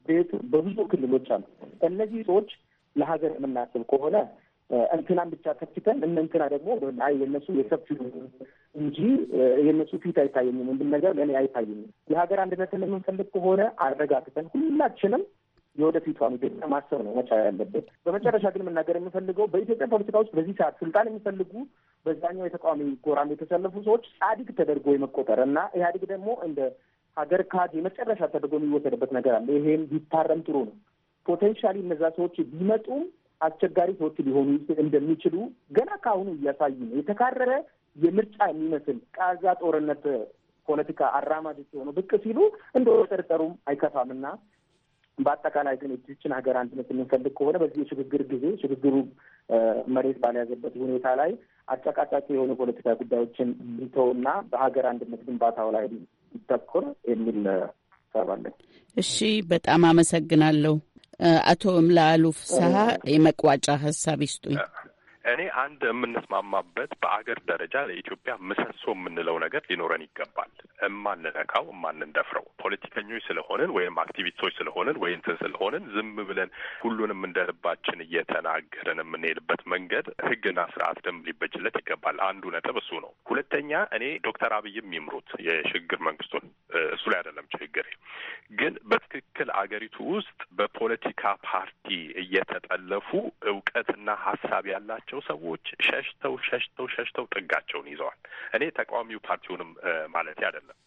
ቤቱ በብዙ ክልሎች አሉ። እነዚህ ሰዎች ለሀገር የምናስብ ከሆነ እንትናን ብቻ ከፍተን እነ እንትና ደግሞ አይ የነሱ የሰፊ እንጂ የነሱ ፊት አይታየኝም፣ እንድን ነገር ለእኔ አይታየኝም። የሀገር አንድነትን የምንፈልግ ከሆነ አረጋግተን ሁላችንም የወደፊቷን ኢትዮጵያ ማሰብ ነው መቻ ያለበት። በመጨረሻ ግን መናገር የምፈልገው በኢትዮጵያ ፖለቲካ ውስጥ በዚህ ሰዓት ስልጣን የሚፈልጉ በዛኛው የተቃዋሚ ጎራም የተሰለፉ ሰዎች ጻድቅ ተደርጎ የመቆጠር እና ኢህአዴግ ደግሞ እንደ ሀገር ካድ የመጨረሻ ተደርጎ የሚወሰድበት ነገር አለ። ይሄም ቢታረም ጥሩ ነው። ፖቴንሻሊ እነዛ ሰዎች ቢመጡም አስቸጋሪ ሰዎች ሊሆኑ እንደሚችሉ ገና ከአሁኑ እያሳዩ ነው። የተካረረ የምርጫ የሚመስል ቃዛ ጦርነት ፖለቲካ አራማጅ ሲሆኑ ብቅ ሲሉ እንደ ጠርጠሩም አይከፋምና በአጠቃላይ ግን እጅችን ሀገር አንድነት የምንፈልግ ከሆነ በዚህ የሽግግር ጊዜ ሽግግሩ መሬት ባልያዘበት ሁኔታ ላይ አጨቃጫቂ የሆኑ ፖለቲካ ጉዳዮችን እና በሀገር አንድነት ግንባታው ላይ ቢተኮር የሚል ሰባለን። እሺ፣ በጣም አመሰግናለሁ። አቶ እምለአሉ ፍስሀ የመቋጫ ሀሳብ ይስጡኝ። እኔ አንድ የምንስማማበት በአገር ደረጃ ለኢትዮጵያ ምሰሶ የምንለው ነገር ሊኖረን ይገባል። እማንነካው እማንንደፍረው ፖለቲከኞች ስለሆንን ወይም አክቲቪስቶች ስለሆንን ወይ እንትን ስለሆንን ዝም ብለን ሁሉንም እንደልባችን እየተናገርን የምንሄድበት መንገድ ህግና ስርዓት ደንብ ሊበጅለት ይገባል። አንዱ ነጥብ እሱ ነው። ሁለተኛ እኔ ዶክተር አብይም ይምሩት የሽግግር መንግስቱን እሱ ላይ አይደለም ችግር፣ ግን በትክክል አገሪቱ ውስጥ በፖለቲካ ፓርቲ እየተጠለፉ እውቀትና ሀሳብ ያላቸው ያላቸው ሰዎች ሸሽተው ሸሽተው ሸሽተው ጥጋቸውን ይዘዋል። እኔ ተቃዋሚው ፓርቲውንም ማለት አይደለም።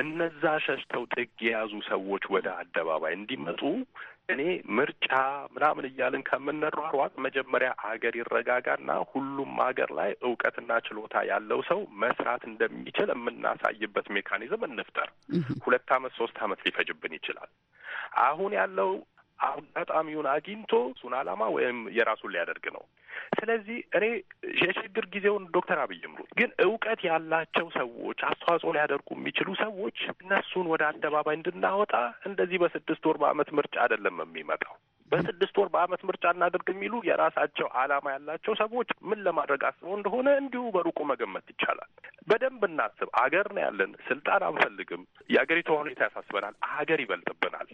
እነዛ ሸሽተው ጥግ የያዙ ሰዎች ወደ አደባባይ እንዲመጡ እኔ ምርጫ ምናምን እያልን ከምንሯሯጥ መጀመሪያ አገር ይረጋጋና ሁሉም አገር ላይ እውቀትና ችሎታ ያለው ሰው መስራት እንደሚችል የምናሳይበት ሜካኒዝም እንፍጠር። ሁለት ዓመት ሶስት ዓመት ሊፈጅብን ይችላል። አሁን ያለው አጋጣሚውን አግኝቶ እሱን አላማ ወይም የራሱን ሊያደርግ ነው። ስለዚህ እኔ የችግር ጊዜውን ዶክተር አብይ ምሩት ግን እውቀት ያላቸው ሰዎች አስተዋጽኦ ሊያደርጉ የሚችሉ ሰዎች እነሱን ወደ አደባባይ እንድናወጣ እንደዚህ በስድስት ወር በአመት ምርጫ አይደለም የሚመጣው። በስድስት ወር በአመት ምርጫ እናደርግ የሚሉ የራሳቸው አላማ ያላቸው ሰዎች ምን ለማድረግ አስበው እንደሆነ እንዲሁ በሩቁ መገመት ይቻላል። በደንብ እናስብ። አገር ነው ያለን። ስልጣን አንፈልግም። የአገሪቷ ሁኔታ ያሳስበናል። አገር ይበልጥብናል።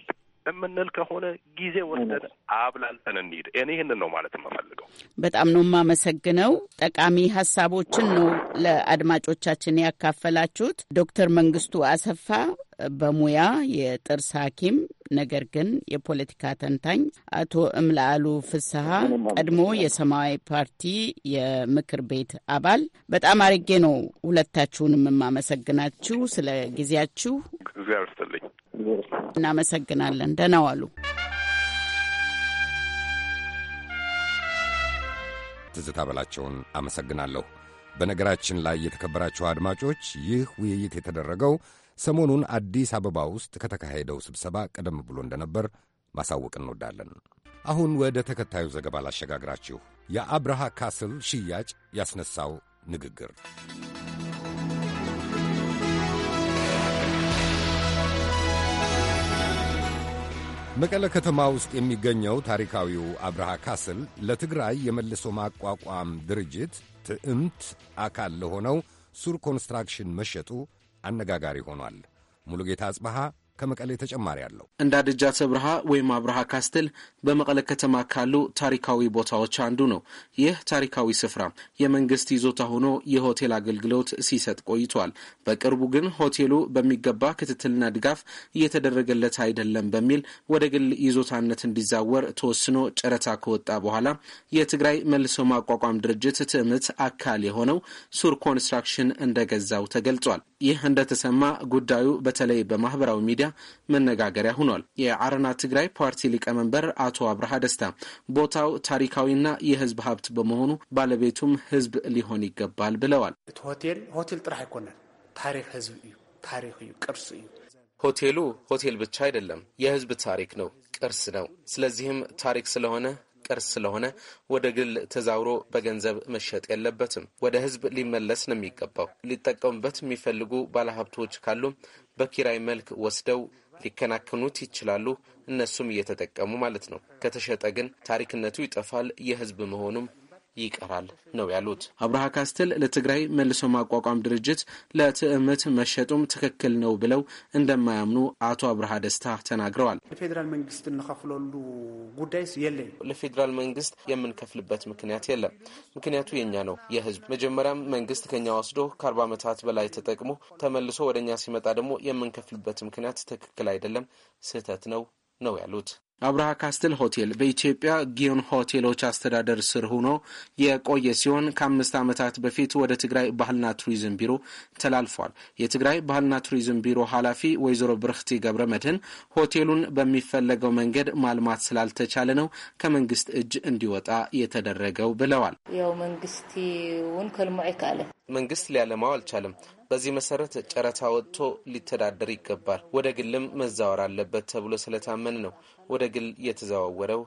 የምንል ከሆነ ጊዜ ወስደን አብላልተን እንሂድ። እኔ ይህንን ነው ማለት የምፈልገው። በጣም ነው የማመሰግነው። ጠቃሚ ሀሳቦችን ነው ለአድማጮቻችን ያካፈላችሁት። ዶክተር መንግስቱ አሰፋ በሙያ የጥርስ ሐኪም ነገር ግን የፖለቲካ ተንታኝ፣ አቶ እምላአሉ ፍስሀ ቀድሞ የሰማያዊ ፓርቲ የምክር ቤት አባል። በጣም አርጌ ነው ሁለታችሁንም የማመሰግናችሁ ስለ ጊዜያችሁ። እግዚአብሔር ይስጥልኝ። እግዚአብሔር እናመሰግናለን። ደህና ዋሉ። ትዝታ በላቸውን አመሰግናለሁ። በነገራችን ላይ የተከበራችሁ አድማጮች፣ ይህ ውይይት የተደረገው ሰሞኑን አዲስ አበባ ውስጥ ከተካሄደው ስብሰባ ቀደም ብሎ እንደነበር ማሳወቅ እንወዳለን። አሁን ወደ ተከታዩ ዘገባ ላሸጋግራችሁ። የአብርሃ ካስል ሽያጭ ያስነሳው ንግግር መቀለ ከተማ ውስጥ የሚገኘው ታሪካዊው አብርሃ ካስል ለትግራይ የመልሶ ማቋቋም ድርጅት ትዕምት አካል ለሆነው ሱር ኮንስትራክሽን መሸጡ አነጋጋሪ ሆኗል። ሙሉጌታ አጽበሃ ከመቀሌ ተጨማሪ አለው። እንዳ ደጃተ ብርሃ ወይም አብርሃ ካስትል በመቀለ ከተማ ካሉ ታሪካዊ ቦታዎች አንዱ ነው። ይህ ታሪካዊ ስፍራ የመንግስት ይዞታ ሆኖ የሆቴል አገልግሎት ሲሰጥ ቆይቷል። በቅርቡ ግን ሆቴሉ በሚገባ ክትትልና ድጋፍ እየተደረገለት አይደለም በሚል ወደ ግል ይዞታነት እንዲዛወር ተወስኖ ጨረታ ከወጣ በኋላ የትግራይ መልሶ ማቋቋም ድርጅት ትዕምት አካል የሆነው ሱር ኮንስትራክሽን እንደገዛው ተገልጿል። ይህ እንደተሰማ ጉዳዩ በተለይ በማህበራዊ ሚዲያ መነጋገሪያ ሆኗል። የአረና ትግራይ ፓርቲ ሊቀመንበር አቶ አብርሃ ደስታ ቦታው ታሪካዊና የህዝብ ሀብት በመሆኑ ባለቤቱም ህዝብ ሊሆን ይገባል ብለዋል። እቲ ሆቴል ሆቴል ጥራሕ አይኮነን ታሪክ ህዝብ እዩ ታሪክ እዩ ቅርሱ እዩ። ሆቴሉ ሆቴል ብቻ አይደለም፣ የህዝብ ታሪክ ነው፣ ቅርስ ነው። ስለዚህም ታሪክ ስለሆነ ቅርስ ስለሆነ ወደ ግል ተዛውሮ በገንዘብ መሸጥ የለበትም። ወደ ህዝብ ሊመለስ ነው የሚገባው። ሊጠቀሙበት የሚፈልጉ ባለሀብቶች ካሉም በኪራይ መልክ ወስደው ሊከናከኑት ይችላሉ። እነሱም እየተጠቀሙ ማለት ነው። ከተሸጠ ግን ታሪክነቱ ይጠፋል። የህዝብ መሆኑም ይቀራል ነው ያሉት። አብርሃ ካስትል ለትግራይ መልሶ ማቋቋም ድርጅት ለትዕምት መሸጡም ትክክል ነው ብለው እንደማያምኑ አቶ አብርሃ ደስታ ተናግረዋል። ለፌዴራል መንግስት እንከፍለሉ ጉዳይ የለኝ። ለፌዴራል መንግስት የምንከፍልበት ምክንያት የለም። ምክንያቱ የኛ ነው፣ የህዝብ መጀመሪያም መንግስት ከኛ ወስዶ ከአርባ ዓመታት በላይ ተጠቅሞ ተመልሶ ወደ እኛ ሲመጣ ደግሞ የምንከፍልበት ምክንያት ትክክል አይደለም፣ ስህተት ነው ነው ያሉት። አብርሃ ካስትል ሆቴል በኢትዮጵያ ጊዮን ሆቴሎች አስተዳደር ስር ሆኖ የቆየ ሲሆን ከአምስት ዓመታት በፊት ወደ ትግራይ ባህልና ቱሪዝም ቢሮ ተላልፏል። የትግራይ ባህልና ቱሪዝም ቢሮ ኃላፊ ወይዘሮ ብርክቲ ገብረ መድህን ሆቴሉን በሚፈለገው መንገድ ማልማት ስላልተቻለ ነው ከመንግስት እጅ እንዲወጣ የተደረገው ብለዋል። ያው መንግስቲ እውን ከልሞ አይካለ መንግስት ሊያለማው አልቻለም። በዚህ መሰረት ጨረታ ወጥቶ ሊተዳደር ይገባል። ወደ ግልም መዛወር አለበት ተብሎ ስለታመን ነው ወደ ግል የተዘዋወረው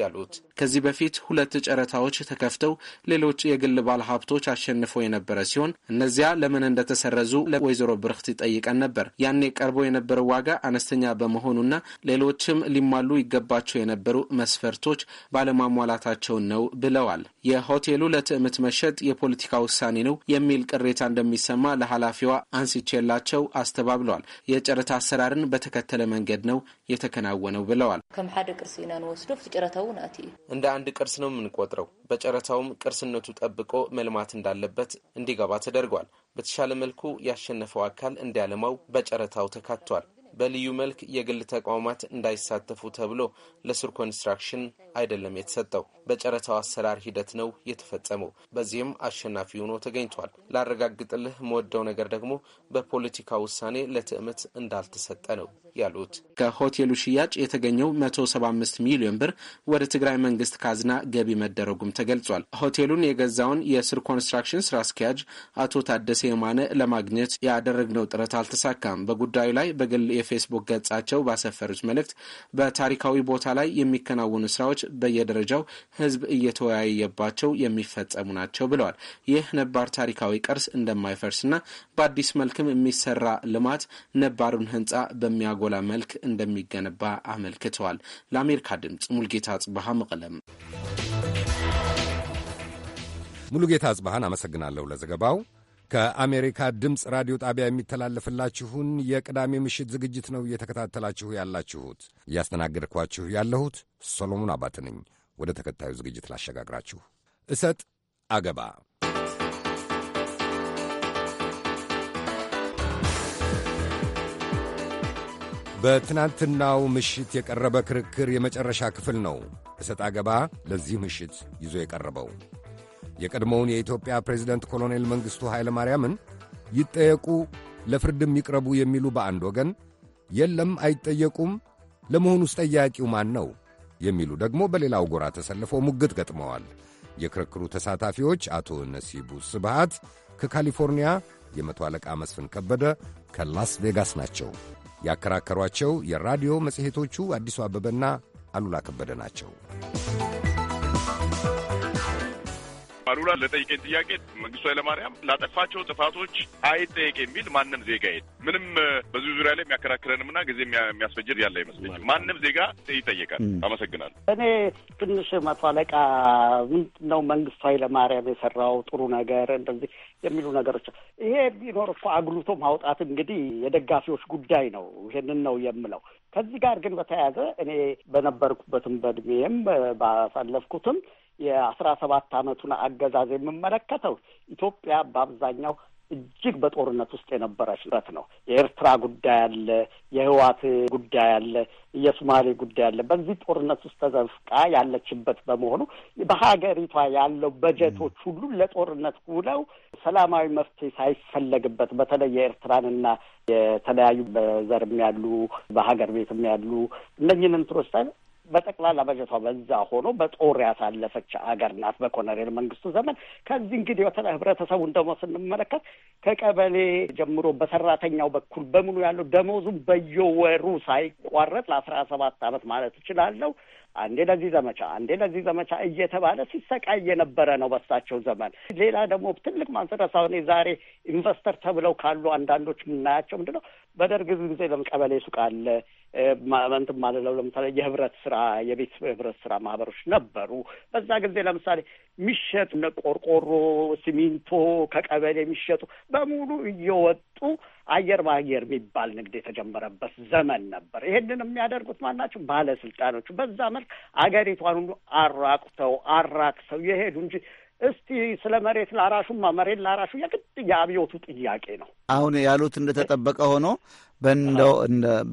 ያሉት ከዚህ በፊት ሁለት ጨረታዎች ተከፍተው ሌሎች የግል ሀብቶች አሸንፈው የነበረ ሲሆን እነዚያ ለምን እንደተሰረዙ ለወይዘሮ ብርክት ጠይቀን ነበር። ያኔ ቀርቦ የነበረው ዋጋ አነስተኛ በመሆኑና ሌሎችም ሊሟሉ ይገባቸው የነበሩ መስፈርቶች ባለማሟላታቸውን ነው ብለዋል። የሆቴሉ ለትዕምት መሸጥ የፖለቲካ ውሳኔ ነው የሚል ቅሬታ እንደሚሰማ ለኃላፊዋ አንስቼላቸው አስተባብለዋል። የጨረታ አሰራርን በተከተለ መንገድ ነው የተከናወነው ብለዋል። ከም ሓደ ቅርሲ ኢና ንወስዶ ጨረታ እውነት እንደ አንድ ቅርስ ነው የምንቆጥረው። በጨረታውም ቅርስነቱ ጠብቆ መልማት እንዳለበት እንዲገባ ተደርጓል። በተሻለ መልኩ ያሸነፈው አካል እንዲያለማው በጨረታው ተካቷል። በልዩ መልክ የግል ተቋማት እንዳይሳተፉ ተብሎ ለስር ኮንስትራክሽን አይደለም የተሰጠው፣ በጨረታው አሰራር ሂደት ነው የተፈጸመው። በዚህም አሸናፊ ሆኖ ተገኝቷል። ላረጋግጥልህ መወደው ነገር ደግሞ በፖለቲካ ውሳኔ ለትዕመት እንዳልተሰጠ ነው ያሉት። ከሆቴሉ ሽያጭ የተገኘው 175 ሚሊዮን ብር ወደ ትግራይ መንግስት ካዝና ገቢ መደረጉም ተገልጿል። ሆቴሉን የገዛውን የስር ኮንስትራክሽን ስራ አስኪያጅ አቶ ታደሰ የማነ ለማግኘት ያደረግነው ጥረት አልተሳካም። በጉዳዩ ላይ በግል የፌስቡክ ገጻቸው ባሰፈሩት መልእክት በታሪካዊ ቦታ ላይ የሚከናወኑ ስራዎች በየደረጃው ህዝብ እየተወያየባቸው የሚፈጸሙ ናቸው ብለዋል። ይህ ነባር ታሪካዊ ቅርስ እንደማይፈርስና በአዲስ መልክም የሚሰራ ልማት ነባሩን ህንፃ በሚያጎላ መልክ እንደሚገነባ አመልክተዋል። ለአሜሪካ ድምፅ ሙልጌታ ጽብሃ መቀለም። ሙሉጌታ ጽብሃን አመሰግናለሁ ለዘገባው። ከአሜሪካ ድምፅ ራዲዮ ጣቢያ የሚተላለፍላችሁን የቅዳሜ ምሽት ዝግጅት ነው እየተከታተላችሁ ያላችሁት። እያስተናገድኳችሁ ያለሁት ሰሎሞን አባት ነኝ። ወደ ተከታዩ ዝግጅት ላሸጋግራችሁ። እሰጥ አገባ በትናንትናው ምሽት የቀረበ ክርክር የመጨረሻ ክፍል ነው። እሰጥ አገባ ለዚህ ምሽት ይዞ የቀረበው የቀድሞውን የኢትዮጵያ ፕሬዚደንት ኮሎኔል መንግሥቱ ኃይለ ማርያምን ይጠየቁ፣ ለፍርድም ይቅረቡ የሚሉ በአንድ ወገን፣ የለም አይጠየቁም፣ ለመሆኑስ ጠያቂው ማን ነው የሚሉ ደግሞ በሌላው ጎራ ተሰልፈው ሙግት ገጥመዋል። የክርክሩ ተሳታፊዎች አቶ ነሲቡ ስብሃት ከካሊፎርኒያ፣ የመቶ አለቃ መስፍን ከበደ ከላስ ቬጋስ ናቸው። ያከራከሯቸው የራዲዮ መጽሔቶቹ አዲሱ አበበና አሉላ ከበደ ናቸው። አሉላ ለጠይቀኝ ጥያቄ መንግስቱ ኃይለማርያም ላጠፋቸው ጥፋቶች አይጠየቅ የሚል ማንም ዜጋ የለም። ምንም በዚህ ዙሪያ ላይ የሚያከራክረንምና ጊዜ የሚያስፈጅር ያለ አይመስለኝም። ማንም ዜጋ ይጠየቃል። አመሰግናለሁ። እኔ ትንሽ መቶ አለቃ ምንድን ነው መንግስቱ ኃይለማርያም የሰራው ጥሩ ነገር እንደዚህ የሚሉ ነገሮች ይሄ ቢኖር እኮ አግሉቶ ማውጣት እንግዲህ የደጋፊዎች ጉዳይ ነው። ይሄንን ነው የምለው። ከዚህ ጋር ግን በተያያዘ እኔ በነበርኩበትም በእድሜም ባሳለፍኩትም የአስራ ሰባት አመቱን አገዛዝ የምመለከተው ኢትዮጵያ በአብዛኛው እጅግ በጦርነት ውስጥ የነበረችበት ረት ነው። የኤርትራ ጉዳይ አለ፣ የህዋት ጉዳይ አለ፣ የሶማሌ ጉዳይ አለ። በዚህ ጦርነት ውስጥ ተዘፍቃ ያለችበት በመሆኑ በሀገሪቷ ያለው በጀቶች ሁሉ ለጦርነት ውለው ሰላማዊ መፍትሄ ሳይፈለግበት በተለይ የኤርትራንና የተለያዩ በዘርም ያሉ በሀገር ቤትም ያሉ እነኝህን እንትኖች በጠቅላላ በጀቷ በዛ ሆኖ በጦር ያሳለፈች አገር ናት በኮሎኔል መንግስቱ ዘመን። ከዚህ እንግዲህ በተለይ ህብረተሰቡን ደግሞ ስንመለከት ከቀበሌ ጀምሮ በሰራተኛው በኩል በሙሉ ያለው ደሞዙ በየወሩ ሳይቋረጥ ለአስራ ሰባት አመት ማለት እችላለሁ አንዴ ለዚህ ዘመቻ፣ አንዴ ለዚህ ዘመቻ እየተባለ ሲሰቃይ የነበረ ነው በሳቸው ዘመን። ሌላ ደግሞ ትልቅ ማንሰረሳ ሆኔ ዛሬ ኢንቨስተር ተብለው ካሉ አንዳንዶች የምናያቸው ምንድን ነው በደርግ ጊዜ ለምቀበሌ ቀበሌ ሱቅ አለ እንትን ማለለው ለምሳሌ የህብረት ስራ የቤት ህብረት ስራ ማህበሮች ነበሩ። በዛ ጊዜ ለምሳሌ የሚሸጡ ቆርቆሮ፣ ሲሚንቶ ከቀበሌ የሚሸጡ በሙሉ እየወጡ አየር በአየር የሚባል ንግድ የተጀመረበት ዘመን ነበር። ይሄንን የሚያደርጉት ማናቸው? ባለስልጣኖቹ። በዛ መልክ አገሪቷን ሁሉ አራቁተው አራክሰው የሄዱ እንጂ እስቲ ስለ መሬት ላራሹማ መሬት ላራሹ የግድ የአብዮቱ ጥያቄ ነው። አሁን ያሉት እንደተጠበቀ ሆኖ በእንደው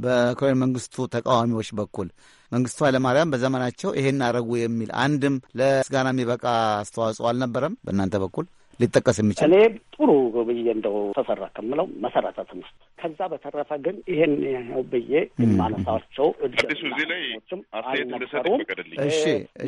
በኮሎኔል መንግስቱ ተቃዋሚዎች በኩል መንግስቱ ኃይለማርያም በዘመናቸው ይሄን አረጉ የሚል አንድም ለስጋና የሚበቃ አስተዋጽኦ አልነበረም በእናንተ በኩል? ሊጠቀስ የሚችል እኔ ጥሩ ብዬ እንደው ተሰራ ከምለው መሰረተ ትምህርት ከዛ በተረፈ ግን ይሄን ነው ብዬ የማነሳቸው ቅዱስ እዚህ ላይ አስተያየት እንድሰጥ ይፈቀድልኝ።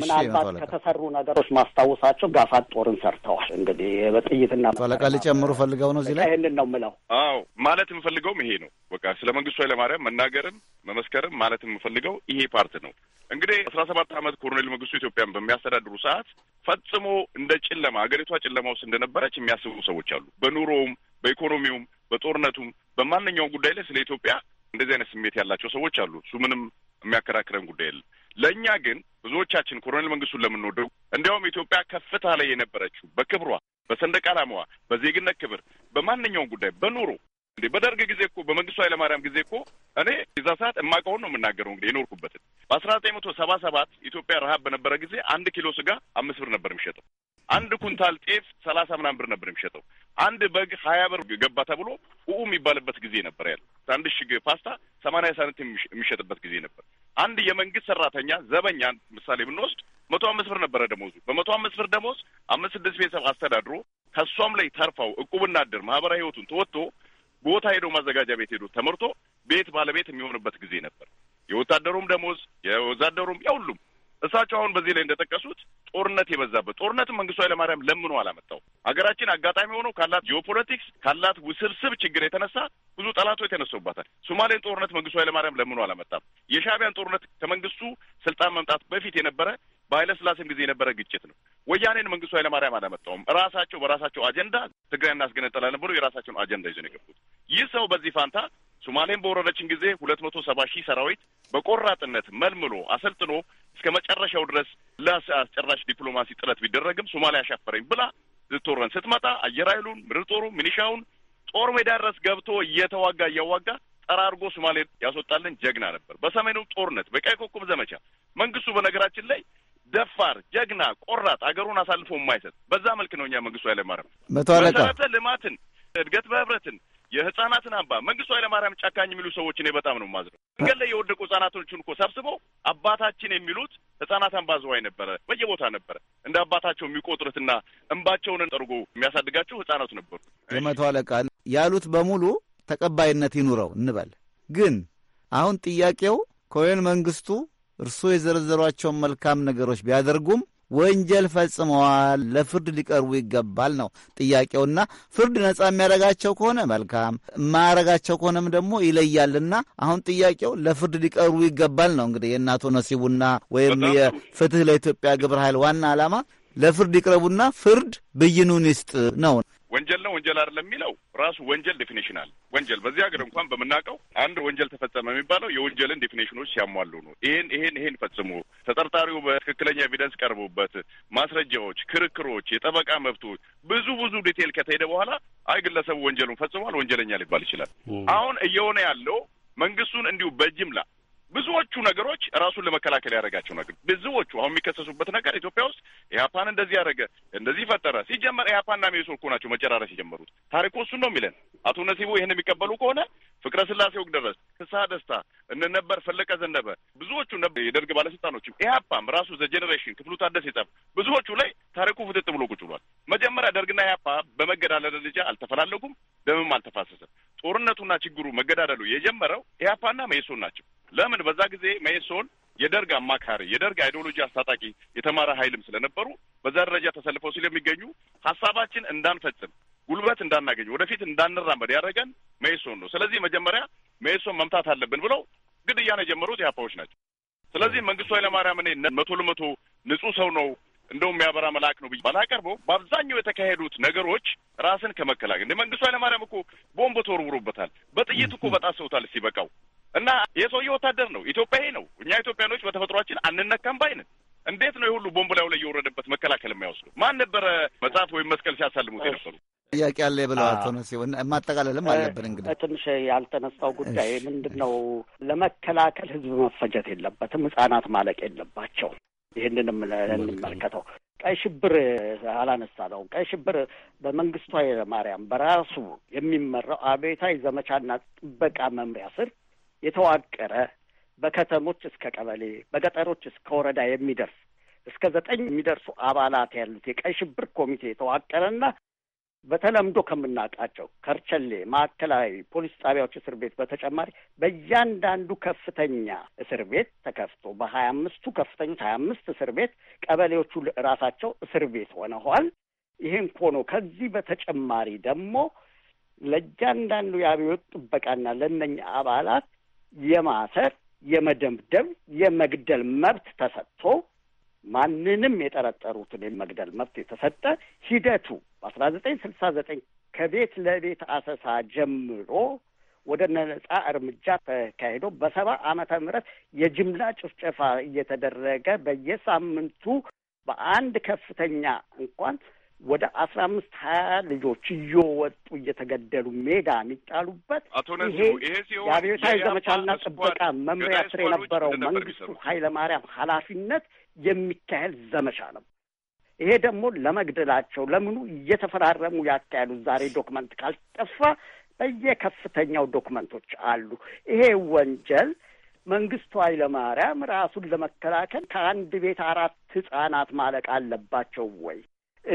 ምናልባት ከተሰሩ ነገሮች ማስታወሳቸው ጋፋት ጦርን ሰርተዋል። እንግዲህ በጥይትና ፈለቃ ሊጨምሩ ፈልገው ነው እዚህ ላይ ይህንን ነው ምለው። አዎ ማለት የምፈልገውም ይሄ ነው። በቃ ስለ መንግስቱ ኃይለማርያም መናገርም መመስከርም ማለት የምፈልገው ይሄ ፓርት ነው። እንግዲህ አስራ ሰባት ዓመት ኮሎኔል መንግስቱ ኢትዮጵያን በሚያስተዳድሩ ሰዓት ፈጽሞ እንደ ጨለማ ሀገሪቷ ጨለማ ውስጥ እንደነበረች የሚያስቡ ሰዎች አሉ። በኑሮውም በኢኮኖሚውም በጦርነቱም በማንኛውም ጉዳይ ላይ ስለ ኢትዮጵያ እንደዚህ አይነት ስሜት ያላቸው ሰዎች አሉ። እሱ ምንም የሚያከራክረን ጉዳይ የለም። ለእኛ ግን ብዙዎቻችን ኮሎኔል መንግስቱን ለምንወደው እንዲያውም ኢትዮጵያ ከፍታ ላይ የነበረችው በክብሯ፣ በሰንደቅ ዓላማዋ፣ በዜግነት ክብር፣ በማንኛውም ጉዳይ በኑሮ እንዴ በደርግ ጊዜ እኮ በመንግስቱ ኃይለማርያም ጊዜ እኮ እኔ የዛ ሰዓት የማውቀውን ነው የምናገረው። እንግዲህ የኖርኩበትን በአስራ ዘጠኝ መቶ ሰባ ሰባት ኢትዮጵያ ረሀብ በነበረ ጊዜ አንድ ኪሎ ስጋ አምስት ብር ነበር የሚሸጠው። አንድ ኩንታል ጤፍ ሰላሳ ምናምን ብር ነበር የሚሸጠው። አንድ በግ ሀያ ብር ገባ ተብሎ ኡኡ የሚባልበት ጊዜ ነበር ያለ። አንድ ሽግ ፓስታ ሰማንያ ሳንቲም የሚሸጥበት ጊዜ ነበር። አንድ የመንግስት ሰራተኛ ዘበኛ ምሳሌ ብንወስድ መቶ አምስት ብር ነበረ ደሞዙ። በመቶ አምስት ብር ደሞዝ አምስት ስድስት ቤተሰብ አስተዳድሮ ከእሷም ላይ ተርፋው እቁብና አደር ማህበራዊ ህይወቱን ተወጥቶ ቦታ ሄዶ ማዘጋጃ ቤት ሄዶ ተመርቶ ቤት ባለቤት የሚሆንበት ጊዜ ነበር። የወታደሩም ደሞዝ የወዛደሩም የሁሉም እሳቸው አሁን በዚህ ላይ እንደጠቀሱት ጦርነት የበዛበት ጦርነት መንግስቱ ኃይለማርያም ለምኖ አላመጣው። ሀገራችን አጋጣሚ ሆኖ ካላት ጂኦፖለቲክስ ካላት ውስብስብ ችግር የተነሳ ብዙ ጠላቶች የተነሱባታል። ሶማሌን ጦርነት መንግስቱ ኃይለማርያም ለምኖ አላመጣም። የሻቢያን ጦርነት ከመንግስቱ ስልጣን መምጣት በፊት የነበረ በኃይለ ስላሴም ጊዜ የነበረ ግጭት ነው። ወያኔን መንግስቱ ኃይለማርያም አላመጣውም። ራሳቸው በራሳቸው አጀንዳ ትግራይ እናስገነጠላለን ብሎ የራሳቸውን አጀንዳ ይዘን የገቡት ይህ ሰው በዚህ ፋንታ ሶማሌን በወረረችን ጊዜ ሁለት መቶ ሰባ ሺህ ሰራዊት በቆራጥነት መልምሎ አሰልጥኖ እስከ መጨረሻው ድረስ ለአስጨራሽ ዲፕሎማሲ ጥረት ቢደረግም ሶማሌ አሻፈረኝ ብላ ልትወረን ስትመጣ አየር ኃይሉን፣ ምድር ጦሩ፣ ሚኒሻውን ጦር ሜዳ ድረስ ገብቶ እየተዋጋ እያዋጋ ጠራርጎ ሶማሌ ያስወጣልን ጀግና ነበር። በሰሜኑ ጦርነት በቀይ ኮከብ ዘመቻ መንግስቱ በነገራችን ላይ ደፋር፣ ጀግና፣ ቆራጥ አገሩን አሳልፎ የማይሰጥ በዛ መልክ ነው እኛ መንግስቱ ኃይለማርያም መሰረተ ልማትን እድገት በህብረትን የህጻናትን አባ መንግስቱ ኃይለማርያም ጨካኝ የሚሉ ሰዎች እኔ በጣም ነው የማዝነው። መንገድ ላይ የወደቁ ህጻናቶችን እኮ ሰብስበው አባታችን የሚሉት ህጻናት አምባ ዝዋይ ነበረ፣ በየቦታ ነበረ። እንደ አባታቸው የሚቆጥሩትና እንባቸውን ጠርጎ የሚያሳድጋቸው ህጻናቱ ነበሩ። የመቶ አለቃ ያሉት በሙሉ ተቀባይነት ይኑረው እንበል። ግን አሁን ጥያቄው ኮሎኔል መንግስቱ እርስዎ የዘረዘሯቸውን መልካም ነገሮች ቢያደርጉም ወንጀል ፈጽመዋል፣ ለፍርድ ሊቀርቡ ይገባል ነው ጥያቄውና ፍርድ ነጻ የሚያደርጋቸው ከሆነ መልካም፣ የማያደርጋቸው ከሆነም ደግሞ ይለያልና አሁን ጥያቄው ለፍርድ ሊቀርቡ ይገባል ነው። እንግዲህ የእናቶ ነሲቡና ወይም የፍትህ ለኢትዮጵያ ግብረ ኃይል ዋና ዓላማ ለፍርድ ይቅረቡና ፍርድ ብይኑን ይስጥ ነው። ወንጀል ነው ወንጀል አይደለም የሚለው ራሱ ወንጀል ዴፊኔሽን አለ። ወንጀል በዚህ ሀገር እንኳን በምናውቀው አንድ ወንጀል ተፈጸመ የሚባለው የወንጀልን ዴፊኔሽኖች ሲያሟሉ ነው። ይሄን ይሄን ይሄን ፈጽሞ ተጠርጣሪው በትክክለኛ ኤቪደንስ ቀርቦበት ማስረጃዎች፣ ክርክሮች፣ የጠበቃ መብቶች ብዙ ብዙ ዲቴል ከተሄደ በኋላ አይ ግለሰቡ ወንጀሉን ፈጽሟል፣ ወንጀለኛ ሊባል ይችላል። አሁን እየሆነ ያለው መንግስቱን እንዲሁ በጅምላ ብዙዎቹ ነገሮች ራሱን ለመከላከል ያደረጋቸው ነገር ብዙዎቹ አሁን የሚከሰሱበት ነገር ኢትዮጵያ ውስጥ ኢህአፓን እንደዚህ ያደረገ እንደዚህ ፈጠረ። ሲጀመር ኢህአፓና መኢሶን እኮ ናቸው መጨራረስ የጀመሩት። ታሪኩ እሱን ነው የሚለን። አቶ ነሲቡ ይህን የሚቀበሉ ከሆነ ፍቅረ ስላሴ ደረስ ክሳ ደስታ፣ እንነበር ፈለቀ ዘነበ ብዙዎቹ የደርግ ባለስልጣኖችም ኢህአፓም ራሱ ዘ ጄኔሬሽን ክፍሉ ታደስ የጻፈ ብዙዎቹ ላይ ታሪኩ ፍጥጥ ብሎ ቁጭ ብሏል። መጀመሪያ ደርግና ኢህአፓ በመገዳለ ደረጃ አልተፈላለጉም፣ ደምም አልተፋሰሰም። ጦርነቱና ችግሩ መገዳደሉ የጀመረው ኢህአፓና መኢሶን ናቸው። ለምን በዛ ጊዜ መኢሶን የደርግ አማካሪ የደርግ አይዲዮሎጂ አስታጣቂ የተማረ ኃይልም ስለነበሩ በዛ ደረጃ ተሰልፈው ስለሚገኙ ሀሳባችን እንዳንፈጽም ጉልበት እንዳናገኝ ወደፊት እንዳንራመድ ያደረገን መኢሶን ነው። ስለዚህ መጀመሪያ መኢሶን መምታት አለብን ብለው ግድያን የጀመሩት ኢህአፓዎች ናቸው። ስለዚህ መንግስቱ ኃይለማርያም እኔ መቶ ለመቶ ንጹህ ሰው ነው እንደውም የሚያበራ መልአክ ነው ብዬ ባላቀርበው በአብዛኛው የተካሄዱት ነገሮች ራስን ከመከላከል እንደ መንግስቱ ኃይለማርያም እኮ ቦምብ ተወርውሮበታል። በጥይት እኮ በጣሰውታል ሲበቃው እና የሰውየ ወታደር ነው። ኢትዮጵያዊ ነው። እኛ ኢትዮጵያኖች በተፈጥሯችን አንነካም ባይነን እንዴት ነው የሁሉ ቦምብ ላዩ ላይ የወረደበት መከላከል የማይወስዱ? ማን ነበረ መጽሐፍ ወይም መስቀል ሲያሳልሙት የነበሩ? ጥያቄ አለ ብለዋል። ቶነ ማጠቃለልም አለብን። እንግዲህ ትንሽ ያልተነሳው ጉዳይ ምንድን ነው? ለመከላከል ህዝብ መፈጀት የለበትም። ህጻናት ማለቅ የለባቸው። ይህንንም እንመልከተው። ቀይ ሽብር አላነሳ ነው። ቀይ ሽብር በመንግስቱ ኃይለማርያም በራሱ የሚመራው አቤታዊ ዘመቻና ጥበቃ መምሪያ ስር የተዋቀረ በከተሞች እስከ ቀበሌ በገጠሮች እስከ ወረዳ የሚደርስ እስከ ዘጠኝ የሚደርሱ አባላት ያሉት የቀይ ሽብር ኮሚቴ የተዋቀረና በተለምዶ ከምናውቃቸው ከርቸሌ፣ ማዕከላዊ ፖሊስ ጣቢያዎች እስር ቤት በተጨማሪ በእያንዳንዱ ከፍተኛ እስር ቤት ተከፍቶ በሀያ አምስቱ ከፍተኞች ሀያ አምስት እስር ቤት ቀበሌዎቹ ራሳቸው እስር ቤት ሆነዋል። ይህን ሆኖ ከዚህ በተጨማሪ ደግሞ ለእያንዳንዱ የአብዮት ጥበቃና ለእነኛ አባላት የማሰር የመደብደብ፣ የመግደል መብት ተሰጥቶ ማንንም የጠረጠሩትን የመግደል መብት የተሰጠ ሂደቱ በአስራ ዘጠኝ ስልሳ ዘጠኝ ከቤት ለቤት አሰሳ ጀምሮ ወደ ነጻ እርምጃ ተካሂዶ በሰባ ዓመተ ምህረት የጅምላ ጭፍጨፋ እየተደረገ በየሳምንቱ በአንድ ከፍተኛ እንኳን ወደ አስራ አምስት ሀያ ልጆች እየወጡ እየተገደሉ ሜዳ የሚጣሉበት ይሄ የአብዮታዊ ዘመቻና ጥበቃ መምሪያ ስር የነበረው መንግስቱ ኃይለማርያም ኃላፊነት የሚካሄድ ዘመቻ ነው። ይሄ ደግሞ ለመግደላቸው ለምኑ እየተፈራረሙ ያካሄዱ ዛሬ ዶክመንት ካልጠፋ በየከፍተኛው ዶክመንቶች አሉ። ይሄ ወንጀል መንግስቱ ኃይለማርያም ራሱን ለመከላከል ከአንድ ቤት አራት ህጻናት ማለቅ አለባቸው ወይ?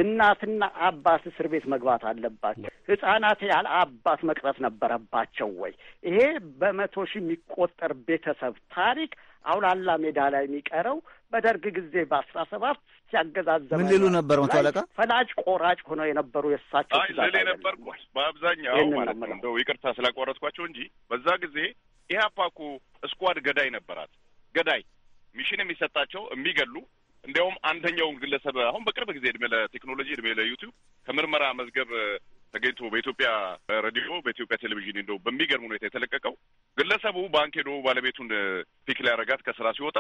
እናትና አባት እስር ቤት መግባት አለባቸው። ህጻናት ያለ አባት መቅረት ነበረባቸው ወይ? ይሄ በመቶ ሺህ የሚቆጠር ቤተሰብ ታሪክ አውላላ ሜዳ ላይ የሚቀረው በደርግ ጊዜ በአስራ ሰባት ሲያገዛዘመ ምን ሊሉ ነበር? መቶ አለቃ ፈላጭ ቆራጭ ሆነው የነበሩ የእሳቸው ልል የነበርኩ በአብዛኛው ማለት ነው። እንደው ይቅርታ ስላቋረጥኳቸው እንጂ በዛ ጊዜ ኢህአፓ እኮ እስኳድ ገዳይ ነበራት። ገዳይ ሚሽን የሚሰጣቸው የሚገሉ እንዲያውም አንደኛውን ግለሰብ አሁን በቅርብ ጊዜ እድሜ ለቴክኖሎጂ እድሜ ለዩቲዩብ ከምርመራ መዝገብ ተገኝቶ በኢትዮጵያ ሬዲዮ በኢትዮጵያ ቴሌቪዥን እንደው በሚገርም ሁኔታ የተለቀቀው ግለሰቡ ባንክ ሄዶ ባለቤቱን ፒክ ሊያረጋት ከስራ ሲወጣ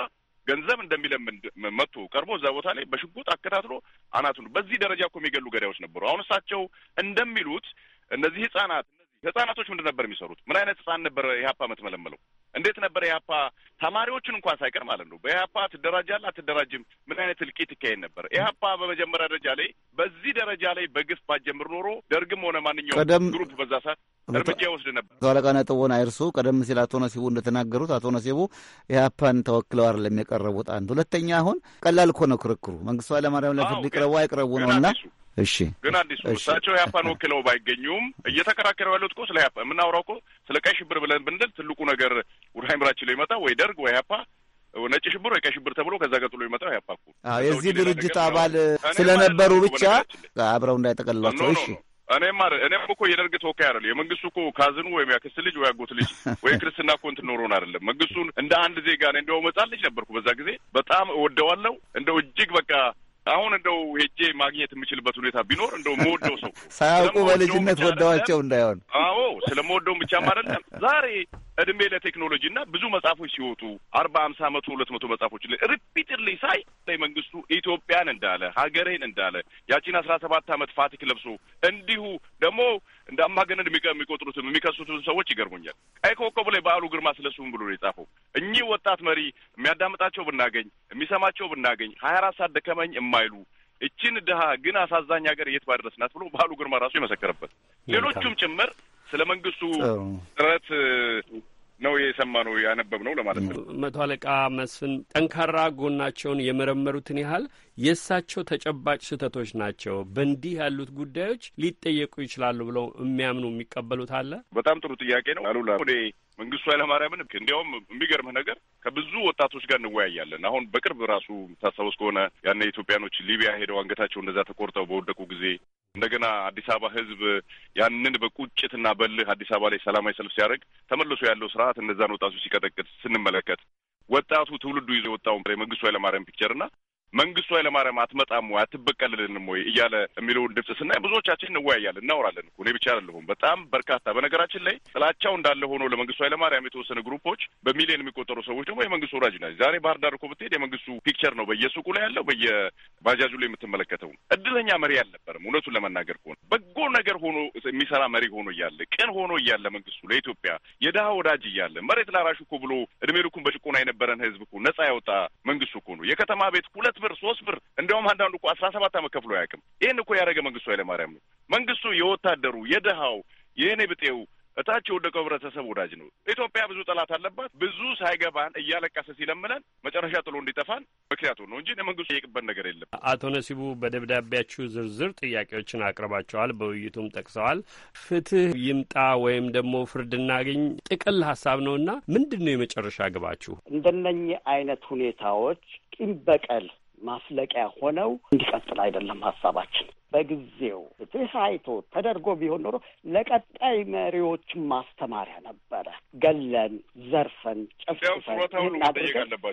ገንዘብ እንደሚለምን መጥቶ ቀርቦ እዛ ቦታ ላይ በሽጉጥ አከታትሎ አናቱን በዚህ ደረጃ እኮ የሚገሉ ገዳዮች ነበሩ። አሁን እሳቸው እንደሚሉት እነዚህ ህጻናት ህጻናቶች ምንድን ነበር የሚሰሩት? ምን አይነት ህጻን ነበር ኢህአፓ የምትመለመለው? እንዴት ነበር ኢህአፓ ተማሪዎችን እንኳን ሳይቀር ማለት ነው በኢህአፓ ትደራጃል አትደራጅም፣ ምን አይነት እልቂት ይካሄድ ነበር? ኢህአፓ በመጀመሪያ ደረጃ ላይ በዚህ ደረጃ ላይ በግፍ ባጀምር ኖሮ ደርግም ሆነ ማንኛውም ግሩፕ በዛ ሰዓት እርምጃ ይወስድ ነበር። አለቃ ነጥቦን አይርሱ። ቀደም ሲል አቶ ነሲቡ እንደተናገሩት አቶ ነሲቡ ኢህአፓን ተወክለው አይደለም የቀረቡት። አንድ ሁለተኛ፣ አሁን ቀላል እኮ ነው ክርክሩ መንግስቱ ኃይለማርያም ለፍርድ ይቅረቡ አይቅረቡ ነው እና እሺ ግን አዲሱ እሳቸው ያፓን ወክለው ባይገኙም እየተከራከረው ያሉት እኮ ስለ ያፓ የምናወራው እኮ ስለ ቀይ ሽብር ብለን ብንል ትልቁ ነገር ወደ አይምራችን ላይ ይመጣ ወይ ደርግ ወይ ያፓ ነጭ ሽብር ወይ ቀይ ሽብር ተብሎ ከዛ ቀጥሎ ይመጣው ያፓ እኮ የዚህ ድርጅት አባል ስለነበሩ ብቻ አብረው እንዳይጠቀልሏቸው። እሺ እኔም አለ እኔም እኮ የደርግ ተወካይ አይደል። የመንግስቱ እኮ ካዝኑ ወይም ያክስት ልጅ ወይ አጎት ልጅ ወይ ክርስትና እኮ እንትን ኖሮን አይደለም። መንግስቱን እንደ አንድ ዜጋ ነ እንዲያው መጻል ልጅ ነበርኩ በዛ ጊዜ። በጣም እወደዋለሁ። እንደው እጅግ በቃ አሁን እንደው ሄጄ ማግኘት የምችልበት ሁኔታ ቢኖር እንደው መወደው ሰው ሳያውቁ በልጅነት ወደዋቸው እንዳይሆን። አዎ ስለመወደውም ብቻም አይደለም ዛሬ እድሜ ለቴክኖሎጂ እና ብዙ መጽሐፎች ሲወጡ አርባ አምሳ መቶ ሁለት መቶ መጽሐፎች ላይ ሪፒትድሊ ሳይ ላይ መንግስቱ ኢትዮጵያን እንዳለ ሀገሬን እንዳለ ያቺን አስራ ሰባት አመት ፋቲክ ለብሶ እንዲሁ ደግሞ እንደ አምባገነን የሚቆጥሩትም የሚከሱትን ሰዎች ይገርሙኛል። ቀይ ኮከቡ ላይ በዓሉ ግርማ ስለሱም ብሎ የጻፈው። እኚህ ወጣት መሪ የሚያዳምጣቸው ብናገኝ የሚሰማቸው ብናገኝ ሀያ አራት ሰዓት ደከመኝ የማይሉ እችን ድሀ ግን አሳዛኝ ሀገር የት ባደረስናት ብሎ በዓሉ ግርማ ራሱ የመሰከረበት ሌሎቹም ጭምር ስለ መንግስቱ ጥረት ነው የሰማነው ነው ለማለት ነው። መቶ አለቃ መስፍን ጠንካራ ጎናቸውን የመረመሩትን ያህል የእሳቸው ተጨባጭ ስህተቶች ናቸው በእንዲህ ያሉት ጉዳዮች ሊጠየቁ ይችላሉ ብለው የሚያምኑ የሚቀበሉት አለ? በጣም ጥሩ ጥያቄ ነው አሉላ። መንግስቱ ኃይለማርያምን እንዲያውም የሚገርምህ ነገር ከብዙ ወጣቶች ጋር እንወያያለን። አሁን በቅርብ ራሱ ታስታውስ ከሆነ ያነ ኢትዮጵያኖች ሊቢያ ሄደው አንገታቸው እንደዛ ተቆርጠው በወደቁ ጊዜ እንደገና አዲስ አበባ ህዝብ ያንን በቁጭትና በልህ አዲስ አበባ ላይ ሰላማዊ ሰልፍ ሲያደርግ ተመልሶ ያለው ስርዓት እነዛን ወጣቶች ሲቀጠቅጥ ስንመለከት ወጣቱ ትውልዱ ይዞ የወጣውን መንግስቱ ኃይለማርያም ፒክቸር እና መንግስቱ ኃይለማርያም አትመጣም ወይ አትበቀልልንም ወይ እያለ የሚለውን ድምፅ ስናይ ብዙዎቻችን እንወያያለን፣ እናወራለን። እኔ ብቻ አይደለሁም። በጣም በርካታ በነገራችን ላይ ጥላቻው እንዳለ ሆኖ ለመንግስቱ ኃይለማርያም የተወሰነ ግሩፖች፣ በሚሊዮን የሚቆጠሩ ሰዎች ደግሞ የመንግስቱ ወዳጅ ናቸው። ዛሬ ባህር ዳር እኮ ብትሄድ የመንግስቱ ፒክቸር ነው በየሱቁ ላይ ያለው፣ በየባጃጁ ላይ የምትመለከተው። እድለኛ መሪ አልነበረም እውነቱን ለመናገር ከሆነ በጎ ነገር ሆኖ የሚሰራ መሪ ሆኖ እያለ ቅን ሆኖ እያለ መንግስቱ ለኢትዮጵያ የድሃ ወዳጅ እያለ መሬት ላራሹ እኮ ብሎ እድሜ ልኩን በጭቆና የነበረን ህዝብ እኮ ነጻ ያወጣ መንግስቱ እኮ ነው የከተማ ቤት ሁለት ሁለት ብር ሶስት ብር እንዲያውም አንዳንዱ እኮ አስራ ሰባት አመት ከፍሎ አያውቅም። ይህን እኮ ያደረገ መንግስቱ ኃይለማርያም ነው። መንግስቱ የወታደሩ የድሃው የእኔ ብጤው እታች የወደቀው ህብረተሰብ ወዳጅ ነው። ኢትዮጵያ ብዙ ጠላት አለባት። ብዙ ሳይገባን እያለቀሰ ሲለምለን መጨረሻ ጥሎ እንዲጠፋን ምክንያቱ ነው እንጂ መንግስቱ የቅበት ነገር የለም። አቶ ነሲቡ በደብዳቤያችሁ ዝርዝር ጥያቄዎችን አቅርባቸዋል፣ በውይይቱም ጠቅሰዋል። ፍትህ ይምጣ ወይም ደግሞ ፍርድ እናገኝ ጥቅል ሀሳብ ነውና ምንድን ነው የመጨረሻ ግባችሁ? እንደነኚህ አይነት ሁኔታዎች ቂም በቀል ማስለቂያ ሆነው እንዲቀጥል አይደለም ሀሳባችን። በጊዜው ተሳይቶ ተደርጎ ቢሆን ኖሮ ለቀጣይ መሪዎች ማስተማሪያ ነበረ። ገለን፣ ዘርፈን፣ ጨፍጭፈን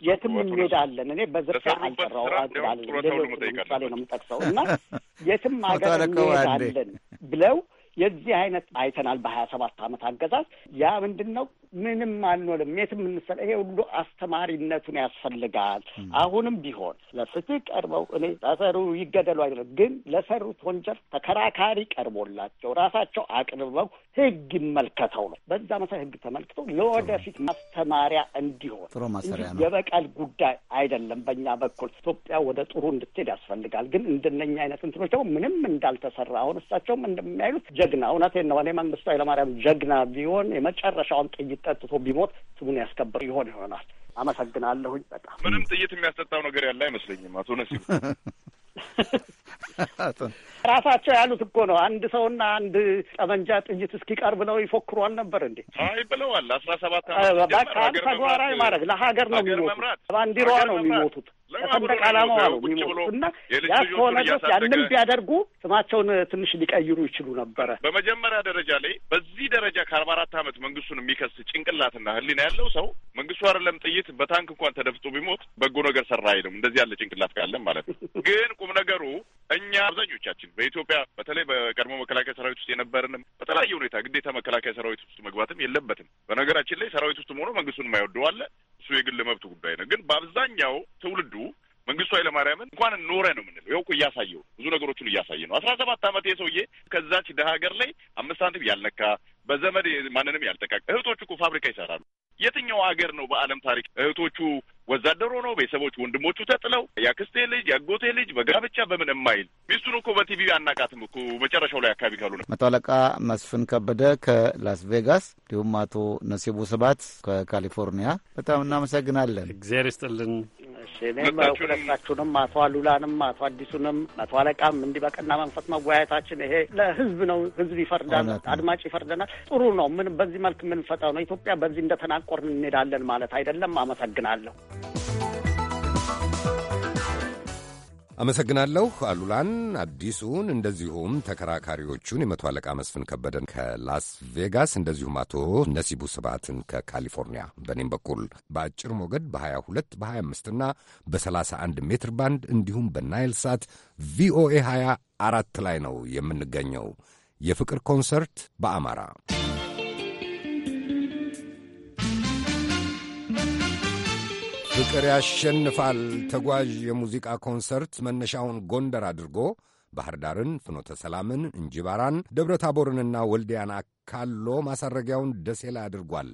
የትም እንሄዳለን። እኔ በዝርፊያ አልጠራው አግባል ሌሎች ምሳሌ ነው የምጠቅሰው እና የትም ሀገር እንሄዳለን ብለው የዚህ አይነት አይተናል። በሀያ ሰባት አመት አገዛዝ ያ ምንድን ነው ምንም አንሆንም፣ የት እንሰራ። ይሄ ሁሉ አስተማሪነቱን ያስፈልጋል። አሁንም ቢሆን ለፍትህ ቀርበው እኔ ተሰሩ ይገደሉ አይደለም፣ ግን ለሰሩት ወንጀል ተከራካሪ ቀርቦላቸው ራሳቸው አቅርበው ህግ ይመልከተው ነው። በዛ መሰረት ህግ ተመልክቶ ለወደፊት ማስተማሪያ እንዲሆን ጥሩ እንጂ የበቀል ጉዳይ አይደለም። በእኛ በኩል ኢትዮጵያ ወደ ጥሩ እንድትሄድ ያስፈልጋል። ግን እንደነኛ አይነት እንትኖች ደግሞ ምንም እንዳልተሰራ አሁን እሳቸውም እንደሚያዩት ጀግና እውነቴን ነው። እኔ መንግስቱ ኃይለማርያም ጀግና ቢሆን የመጨረሻውን ጥይት ጠጥቶ ቢሞት ስሙን ያስከብር ይሆን ይሆናል። አመሰግናለሁኝ። በጣም ምንም ጥይት የሚያስጠጣው ነገር ያለ አይመስለኝም አቶ ነሲቡ። ራሳቸው ያሉት እኮ ነው። አንድ ሰውና አንድ ጠመንጃ ጥይት እስኪቀርብ ነው ይፎክሩ አልነበር እንዴ? አይ ብለዋል። አስራ ሰባት በቃል ተግባራዊ ማድረግ ለሀገር ነው የሚሞቱት፣ ባንዲሯ ነው የሚሞቱት፣ ሰንደቅ ዓላማዋ ነው የሚሞቱት። እና ድረስ ያንም ቢያደርጉ ስማቸውን ትንሽ ሊቀይሩ ይችሉ ነበረ። በመጀመሪያ ደረጃ ላይ በዚህ ደረጃ ከአርባ አራት አመት መንግስቱን የሚከስ ጭንቅላትና ህሊና ያለው ሰው መንግስቱ አይደለም ጥይት በታንክ እንኳን ተደፍቶ ቢሞት በጎ ነገር ሰራ አይልም። እንደዚህ ያለ ጭንቅላት ካለም ማለት ነው። ግን ቁም ነገሩ እኛ አብዛኞቻችን በኢትዮጵያ በተለይ በቀድሞ መከላከያ ሰራዊት ውስጥ የነበርንም በተለያየ ሁኔታ ግዴታ መከላከያ ሰራዊት ውስጥ መግባትም የለበትም። በነገራችን ላይ ሰራዊት ውስጥ ሆኖ መንግስቱን የማይወደው አለ። እሱ የግል መብት ጉዳይ ነው። ግን በአብዛኛው ትውልዱ መንግስቱ ኃይለማርያምን እንኳን ኖረ ነው የምንለው። ያው እኮ እያሳየው ብዙ ነገሮችን እያሳየ ነው። አስራ ሰባት ዓመት የሰውዬ ከዛች ደሀ ሀገር ላይ አምስት ሳንቲም ያልነካ በዘመድ ማንንም ያልጠቃቀ እህቶቹ እኮ ፋብሪካ ይሰራሉ። የትኛው ሀገር ነው በዓለም ታሪክ እህቶቹ ወዛደሮ ነው ቤተሰቦች ወንድሞቹ ተጥለው ያክስቴ ልጅ ያጎቴ ልጅ በጋብቻ በምን የማይል ሚስቱን እኮ በቲቪ አናቃትም እኮ መጨረሻው ላይ አካባቢ ካሉ ነው። መቶ አለቃ መስፍን ከበደ ከላስ ቬጋስ እንዲሁም አቶ ነሲቡ ስባት ከካሊፎርኒያ በጣም እናመሰግናለን። እግዚአብሔር ይስጥልን። እኔም ሁለታችሁንም አቶ አሉላንም አቶ አዲሱንም አቶ አለቃም እንዲህ በቀና መንፈስ መወያየታችን ይሄ ለህዝብ ነው። ህዝብ ይፈርዳል፣ አድማጭ ይፈርደናል። ጥሩ ነው። ምን በዚህ መልክ የምንፈጠው ነው። ኢትዮጵያ በዚህ እንደተናቆርን እንሄዳለን ማለት አይደለም። አመሰግናለሁ። አመሰግናለሁ አሉላን፣ አዲሱን፣ እንደዚሁም ተከራካሪዎቹን የመቶ አለቃ መስፍን ከበደን ከላስ ቬጋስ እንደዚሁም አቶ ነሲቡ ስብሃትን ከካሊፎርኒያ። በእኔም በኩል በአጭር ሞገድ በ22 በ25 ና በ31 ሜትር ባንድ እንዲሁም በናይል ሳት ቪኦኤ 24 ላይ ነው የምንገኘው። የፍቅር ኮንሰርት በአማራ ፍቅር ያሸንፋል ተጓዥ የሙዚቃ ኮንሰርት መነሻውን ጎንደር አድርጎ ባህር ዳርን፣ ፍኖተ ሰላምን፣ እንጂባራን፣ ደብረ ታቦርንና ወልዲያን አካሎ ማሳረጊያውን ደሴ ላይ አድርጓል።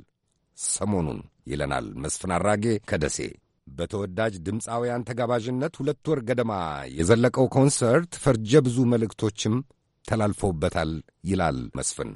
ሰሞኑን ይለናል መስፍን አራጌ ከደሴ በተወዳጅ ድምፃውያን ተጋባዥነት ሁለት ወር ገደማ የዘለቀው ኮንሰርት ፈርጀ ብዙ መልእክቶችም ተላልፈውበታል ይላል መስፍን።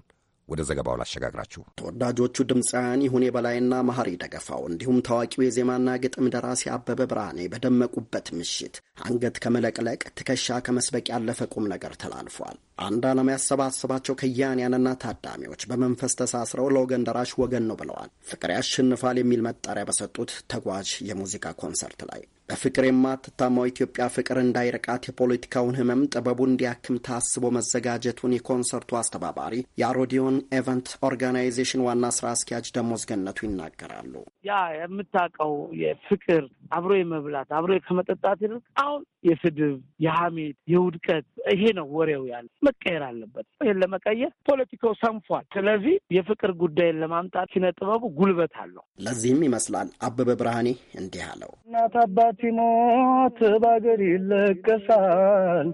ወደ ዘገባው ላሸጋግራችሁ። ተወዳጆቹ ድምፃውያን ይሁኔ በላይና መሐሪ ደገፋው እንዲሁም ታዋቂው የዜማና ግጥም ደራሲ አበበ ብርሃኔ በደመቁበት ምሽት አንገት ከመለቅለቅ ትከሻ ከመስበቅ ያለፈ ቁም ነገር ተላልፏል። አንድ ዓላማ ያሰባሰባቸው ከያንያንና ታዳሚዎች በመንፈስ ተሳስረው ለወገን ደራሽ ወገን ነው ብለዋል። ፍቅር ያሸንፋል የሚል መጠሪያ በሰጡት ተጓዥ የሙዚቃ ኮንሰርት ላይ በፍቅር የማትታማው ኢትዮጵያ ፍቅር እንዳይርቃት የፖለቲካውን ሕመም ጥበቡ እንዲያክም ታስቦ መዘጋጀቱን የኮንሰርቱ አስተባባሪ የአሮዲዮን ኤቨንት ኦርጋናይዜሽን ዋና ስራ አስኪያጅ ደሞዝ ገነቱ ይናገራሉ። ያ የምታውቀው የፍቅር አብሮ የመብላት አብሮ ከመጠጣት ይልቅ አሁን የስድብ፣ የሐሜት፣ የውድቀት ይሄ ነው ወሬው ያለ መቀየር አለበት። ይህን ለመቀየር ፖለቲካው ሰንፏል። ስለዚህ የፍቅር ጉዳይን ለማምጣት ኪነ ጥበቡ ጉልበት አለው። ለዚህም ይመስላል አበበ ብርሃኔ እንዲህ አለው። እናት አባት ሞት በአገር ይለቀሳል፣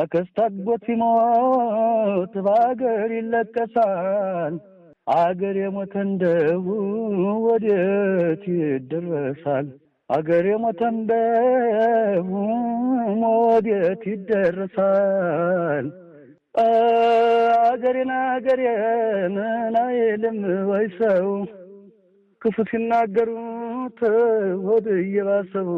አክስት አጎት ሲሞት በአገር ይለቀሳል። አገር የሞተ እንደው ወዴት ይደረሳል? አገር የሞተን የሞተንበው ሞዴት ይደረሳል? አገሬን አገሬን አይልም ወይ ሰው ክፉ ሲናገሩት ወደ እየባሰቡ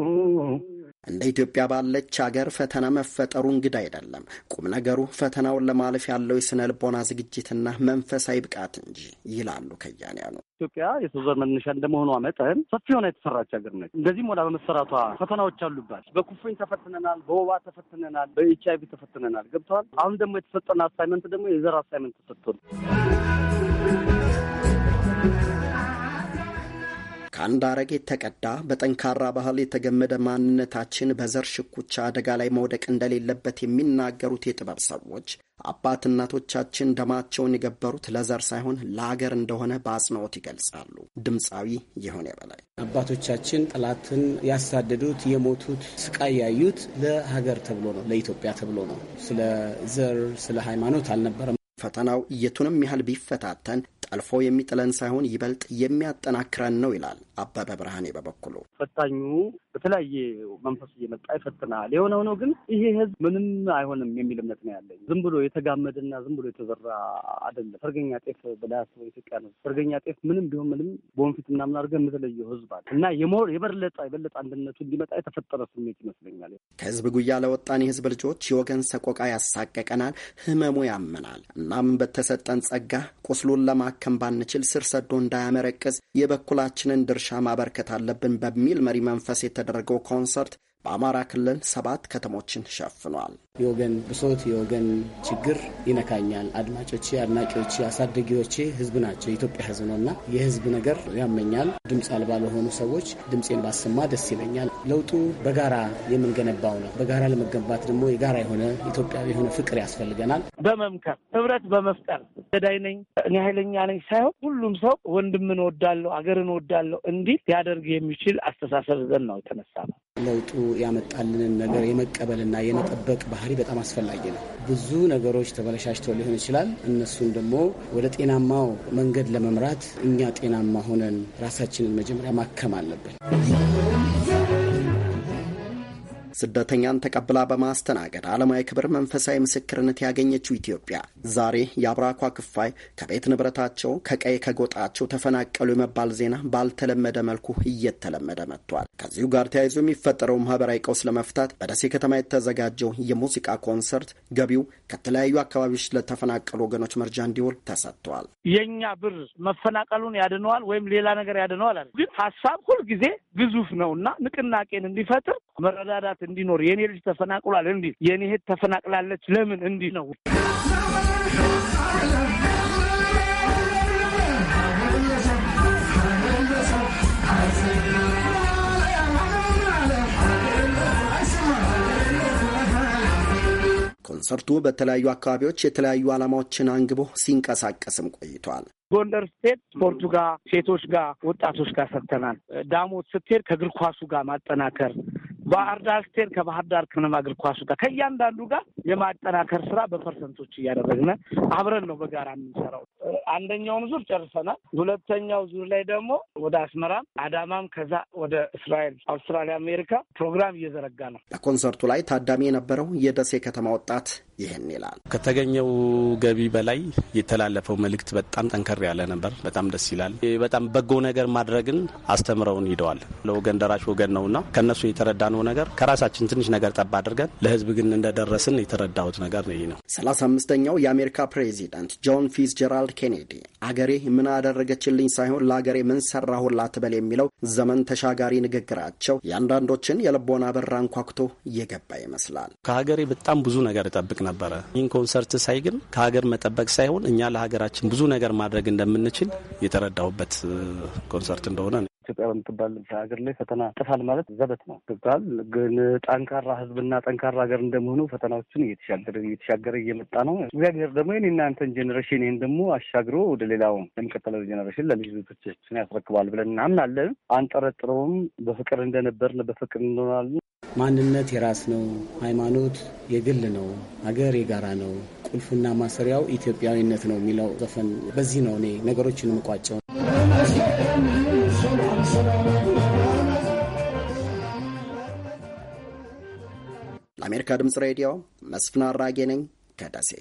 እንደ ኢትዮጵያ ባለች አገር ፈተና መፈጠሩ እንግዳ አይደለም። ቁም ነገሩ ፈተናውን ለማለፍ ያለው የስነ ልቦና ዝግጅትና መንፈሳዊ ብቃት እንጂ ይላሉ ከያንያኑ። ኢትዮጵያ የሰው ዘር መነሻ እንደመሆኗ መጠን ሰፊ ሆና የተሰራች ሀገር ነች። እንደዚህም ወዳ በመሰራቷ ፈተናዎች አሉባት። በኩፍኝ ተፈትነናል፣ በወባ ተፈትነናል፣ በኤች አይቪ ተፈትነናል። ገብተዋል። አሁን ደግሞ የተሰጠን አሳይመንት ደግሞ የዘር አሳይመንት ነው። ከአንድ አረግ የተቀዳ በጠንካራ ባህል የተገመደ ማንነታችን በዘር ሽኩቻ አደጋ ላይ መውደቅ እንደሌለበት የሚናገሩት የጥበብ ሰዎች አባት እናቶቻችን ደማቸውን የገበሩት ለዘር ሳይሆን ለአገር እንደሆነ በአጽንኦት ይገልጻሉ። ድምፃዊ ይሁኔ በላይ አባቶቻችን ጠላትን ያሳደዱት የሞቱት፣ ስቃይ ያዩት ለሀገር ተብሎ ነው፣ ለኢትዮጵያ ተብሎ ነው። ስለ ዘር ስለ ሃይማኖት አልነበረም። ፈተናው የቱንም ያህል ቢፈታተን ጠልፎ የሚጥለን ሳይሆን ይበልጥ የሚያጠናክረን ነው ይላል አበበ ብርሃኔ በበኩሉ። ፈታኙ በተለያየ መንፈስ እየመጣ ይፈትናል። የሆነ ሆኖ ግን ይሄ ህዝብ ምንም አይሆንም የሚል እምነት ነው ያለኝ። ዝም ብሎ የተጋመደና ዝም ብሎ የተዘራ አይደለም። ሰርገኛ ጤፍ በዳያስበ ኢትዮጵያ ነው። ሰርገኛ ጤፍ ምንም ቢሆን ምንም በወንፊት ምናምን አድርገን የምትለየው ህዝብ አለ እና የበለጠ የበለጠ አንድነቱ እንዲመጣ የተፈጠረ ስሜት ይመስለኛል። ከህዝብ ጉያ ለወጣን የህዝብ ልጆች የወገን ሰቆቃ ያሳቀቀናል፣ ህመሙ ያመናል። እናም በተሰጠን ጸጋ ቁስሉን ለማከም ባንችል ስር ሰዶ እንዳያመረቅዝ የበኩላችንን ድርሻ ማበርከት አለብን በሚል መሪ መንፈስ የተ የተደረገው ኮንሰርት በአማራ ክልል ሰባት ከተሞችን ሸፍኗል። የወገን ብሶት፣ የወገን ችግር ይነካኛል። አድማጮቼ፣ አድናቂዎቼ፣ አሳደጊዎቼ ህዝብ ናቸው። የኢትዮጵያ ህዝብ ነው እና የህዝብ ነገር ያመኛል። ድምፅ አልባ ለሆኑ ሰዎች ድምፄን ባሰማ ደስ ይለኛል። ለውጡ በጋራ የምንገነባው ነው። በጋራ ለመገንባት ደግሞ የጋራ የሆነ ኢትዮጵያዊ የሆነ ፍቅር ያስፈልገናል። በመምከር ህብረት በመፍጠር ገዳይ ነኝ እኔ ኃይለኛ ነኝ ሳይሆን ሁሉም ሰው ወንድምን ወዳለሁ አገርን ወዳለሁ እንዲህ ሊያደርግ የሚችል አስተሳሰብ ዘን ነው የተነሳ ነው ለውጡ ያመጣልንን ነገር የመቀበልና የመጠበቅ ባህሪ በጣም አስፈላጊ ነው። ብዙ ነገሮች ተበለሻሽተው ሊሆን ይችላል። እነሱን ደግሞ ወደ ጤናማው መንገድ ለመምራት እኛ ጤናማ ሆነን ራሳችንን መጀመሪያ ማከም አለብን። ስደተኛን ተቀብላ በማስተናገድ ዓለማዊ ክብር፣ መንፈሳዊ ምስክርነት ያገኘችው ኢትዮጵያ ዛሬ የአብራኳ ክፋይ ከቤት ንብረታቸው ከቀይ ከጎጣቸው ተፈናቀሉ የመባል ዜና ባልተለመደ መልኩ እየተለመደ መጥቷል። ከዚሁ ጋር ተያይዞ የሚፈጠረው ማህበራዊ ቀውስ ለመፍታት በደሴ ከተማ የተዘጋጀው የሙዚቃ ኮንሰርት ገቢው ከተለያዩ አካባቢዎች ለተፈናቀሉ ወገኖች መርጃ እንዲውል ተሰጥቷል። የእኛ ብር መፈናቀሉን ያድነዋል ወይም ሌላ ነገር ያድነዋል አለ። ግን ሀሳብ ሁልጊዜ ግዙፍ ነው እና ንቅናቄን እንዲፈጥር መረዳዳት ህይወት እንዲኖር የኔ ልጅ ተፈናቅሏል እንዲህ የኔ እህት ተፈናቅላለች ለምን እንዲህ ነው። ኮንሰርቱ በተለያዩ አካባቢዎች የተለያዩ ዓላማዎችን አንግቦ ሲንቀሳቀስም ቆይቷል። ጎንደር ስቴት ስፖርቱ ጋር፣ ሴቶች ጋር፣ ወጣቶች ጋር ሰጥተናል። ዳሞት ስትሄድ ከእግር ኳሱ ጋር ማጠናከር ባህር ዳር ስቴን ከባህር ዳር ከነማ እግር ኳሱ ጋር ከእያንዳንዱ ጋር የማጠናከር ስራ በፐርሰንቶች እያደረግን አብረን ነው በጋራ የምንሰራው። አንደኛውን ዙር ጨርሰናል። ሁለተኛው ዙር ላይ ደግሞ ወደ አስመራም፣ አዳማም ከዛ ወደ እስራኤል፣ አውስትራሊያ፣ አሜሪካ ፕሮግራም እየዘረጋ ነው። በኮንሰርቱ ላይ ታዳሚ የነበረው የደሴ ከተማ ወጣት ይህን ይላል። ከተገኘው ገቢ በላይ የተላለፈው መልእክት በጣም ጠንከር ያለ ነበር። በጣም ደስ ይላል። በጣም በጎ ነገር ማድረግን አስተምረውን ሂደዋል። ለወገን ደራሽ ወገን ነውና ከእነሱ የተረዳነው ነገር ከራሳችን ትንሽ ነገር ጠብ አድርገን ለህዝብ ግን እንደደረስን የተረዳሁት ነገር ነው። ይህ ነው ሰላሳ አምስተኛው የአሜሪካ ፕሬዚዳንት ጆን ጀራልድ ኬኔዲ አገሬ ምን አደረገችልኝ ሳይሆን ለአገሬ ምን ሰራሁላት በል የሚለው ዘመን ተሻጋሪ ንግግራቸው የአንዳንዶችን የልቦና በር አንኳኩቶ እየገባ ይመስላል። ከሀገሬ በጣም ብዙ ነገር ይጠብቅ ነበር ነበረ። ይህን ኮንሰርት ሳይ ግን ከሀገር መጠበቅ ሳይሆን እኛ ለሀገራችን ብዙ ነገር ማድረግ እንደምንችል የተረዳሁበት ኮንሰርት እንደሆነ ነው። ኢትዮጵያ በምትባል ሀገር ላይ ፈተና ጥፋል ማለት ዘበት ነው። ገብተዋል። ግን ጠንካራ ህዝብና ጠንካራ ሀገር እንደመሆኑ ፈተናዎችን እየተሻገረ እየመጣ ነው። እግዚአብሔር ደግሞ ይህን እናንተን ጄኔሬሽን ይህን ደግሞ አሻግሮ ወደ ሌላው ለሚቀጥለው ጄኔሬሽን ለልጅ ልጆቻችን ያስረክባል ብለን እናምናለን። አንጠረጥረውም። በፍቅር እንደነበርን በፍቅር እንሆናለን። ማንነት የራስ ነው፣ ሃይማኖት የግል ነው፣ ሀገር የጋራ ነው፣ ቁልፍና ማሰሪያው ኢትዮጵያዊነት ነው የሚለው ዘፈን በዚህ ነው እኔ ነገሮችን የምቋጨው። ለአሜሪካ ድምፅ ሬዲዮ መስፍን አራጌ ነኝ ከደሴ።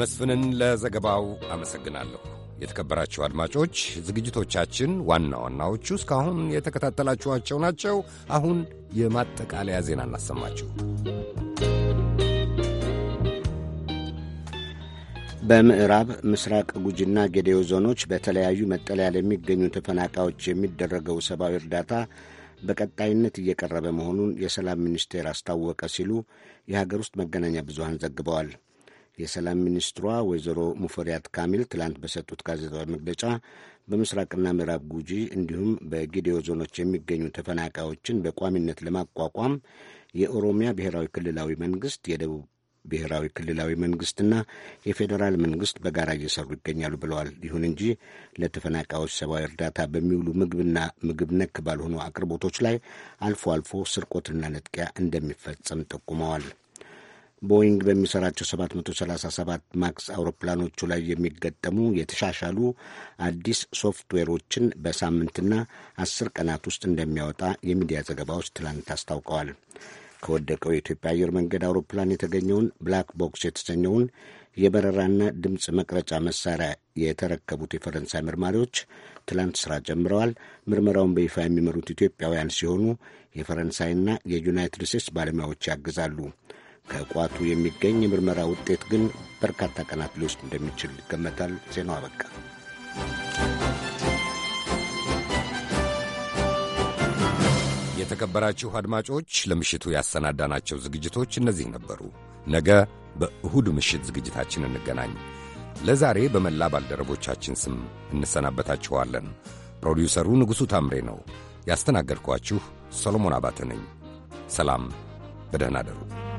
መስፍንን ለዘገባው አመሰግናለሁ። የተከበራችሁ አድማጮች ዝግጅቶቻችን ዋና ዋናዎቹ እስካሁን የተከታተላችኋቸው ናቸው። አሁን የማጠቃለያ ዜና እናሰማችሁ። በምዕራብ ምስራቅ ጉጂና ጌዴዮ ዞኖች በተለያዩ መጠለያ ለሚገኙ ተፈናቃዮች የሚደረገው ሰብአዊ እርዳታ በቀጣይነት እየቀረበ መሆኑን የሰላም ሚኒስቴር አስታወቀ ሲሉ የሀገር ውስጥ መገናኛ ብዙሃን ዘግበዋል። የሰላም ሚኒስትሯ ወይዘሮ ሙፈሪያት ካሚል ትላንት በሰጡት ጋዜጣዊ መግለጫ በምስራቅና ምዕራብ ጉጂ እንዲሁም በጊዲዮ ዞኖች የሚገኙ ተፈናቃዮችን በቋሚነት ለማቋቋም የኦሮሚያ ብሔራዊ ክልላዊ መንግስት፣ የደቡብ ብሔራዊ ክልላዊ መንግስትና የፌዴራል መንግስት በጋራ እየሰሩ ይገኛሉ ብለዋል። ይሁን እንጂ ለተፈናቃዮች ሰብአዊ እርዳታ በሚውሉ ምግብና ምግብ ነክ ባልሆኑ አቅርቦቶች ላይ አልፎ አልፎ ስርቆትና ነጥቂያ እንደሚፈጸም ጠቁመዋል። ቦይንግ በሚሰራቸው 737 ማክስ አውሮፕላኖቹ ላይ የሚገጠሙ የተሻሻሉ አዲስ ሶፍትዌሮችን በሳምንትና አስር ቀናት ውስጥ እንደሚያወጣ የሚዲያ ዘገባዎች ትላንት አስታውቀዋል። ከወደቀው የኢትዮጵያ አየር መንገድ አውሮፕላን የተገኘውን ብላክ ቦክስ የተሰኘውን የበረራና ድምፅ መቅረጫ መሳሪያ የተረከቡት የፈረንሳይ ምርማሪዎች ትላንት ስራ ጀምረዋል። ምርመራውን በይፋ የሚመሩት ኢትዮጵያውያን ሲሆኑ የፈረንሳይና የዩናይትድ ስቴትስ ባለሙያዎች ያግዛሉ። ከቋቱ የሚገኝ የምርመራ ውጤት ግን በርካታ ቀናት ሊወስድ እንደሚችል ይገመታል። ዜናው አበቃ። የተከበራችሁ አድማጮች ለምሽቱ ያሰናዳናቸው ዝግጅቶች እነዚህ ነበሩ። ነገ በእሁድ ምሽት ዝግጅታችን እንገናኝ። ለዛሬ በመላ ባልደረቦቻችን ስም እንሰናበታችኋለን። ፕሮዲውሰሩ ንጉሡ ታምሬ ነው። ያስተናገድኳችሁ ሰሎሞን አባተ ነኝ። ሰላም፣ በደህና አደሩ።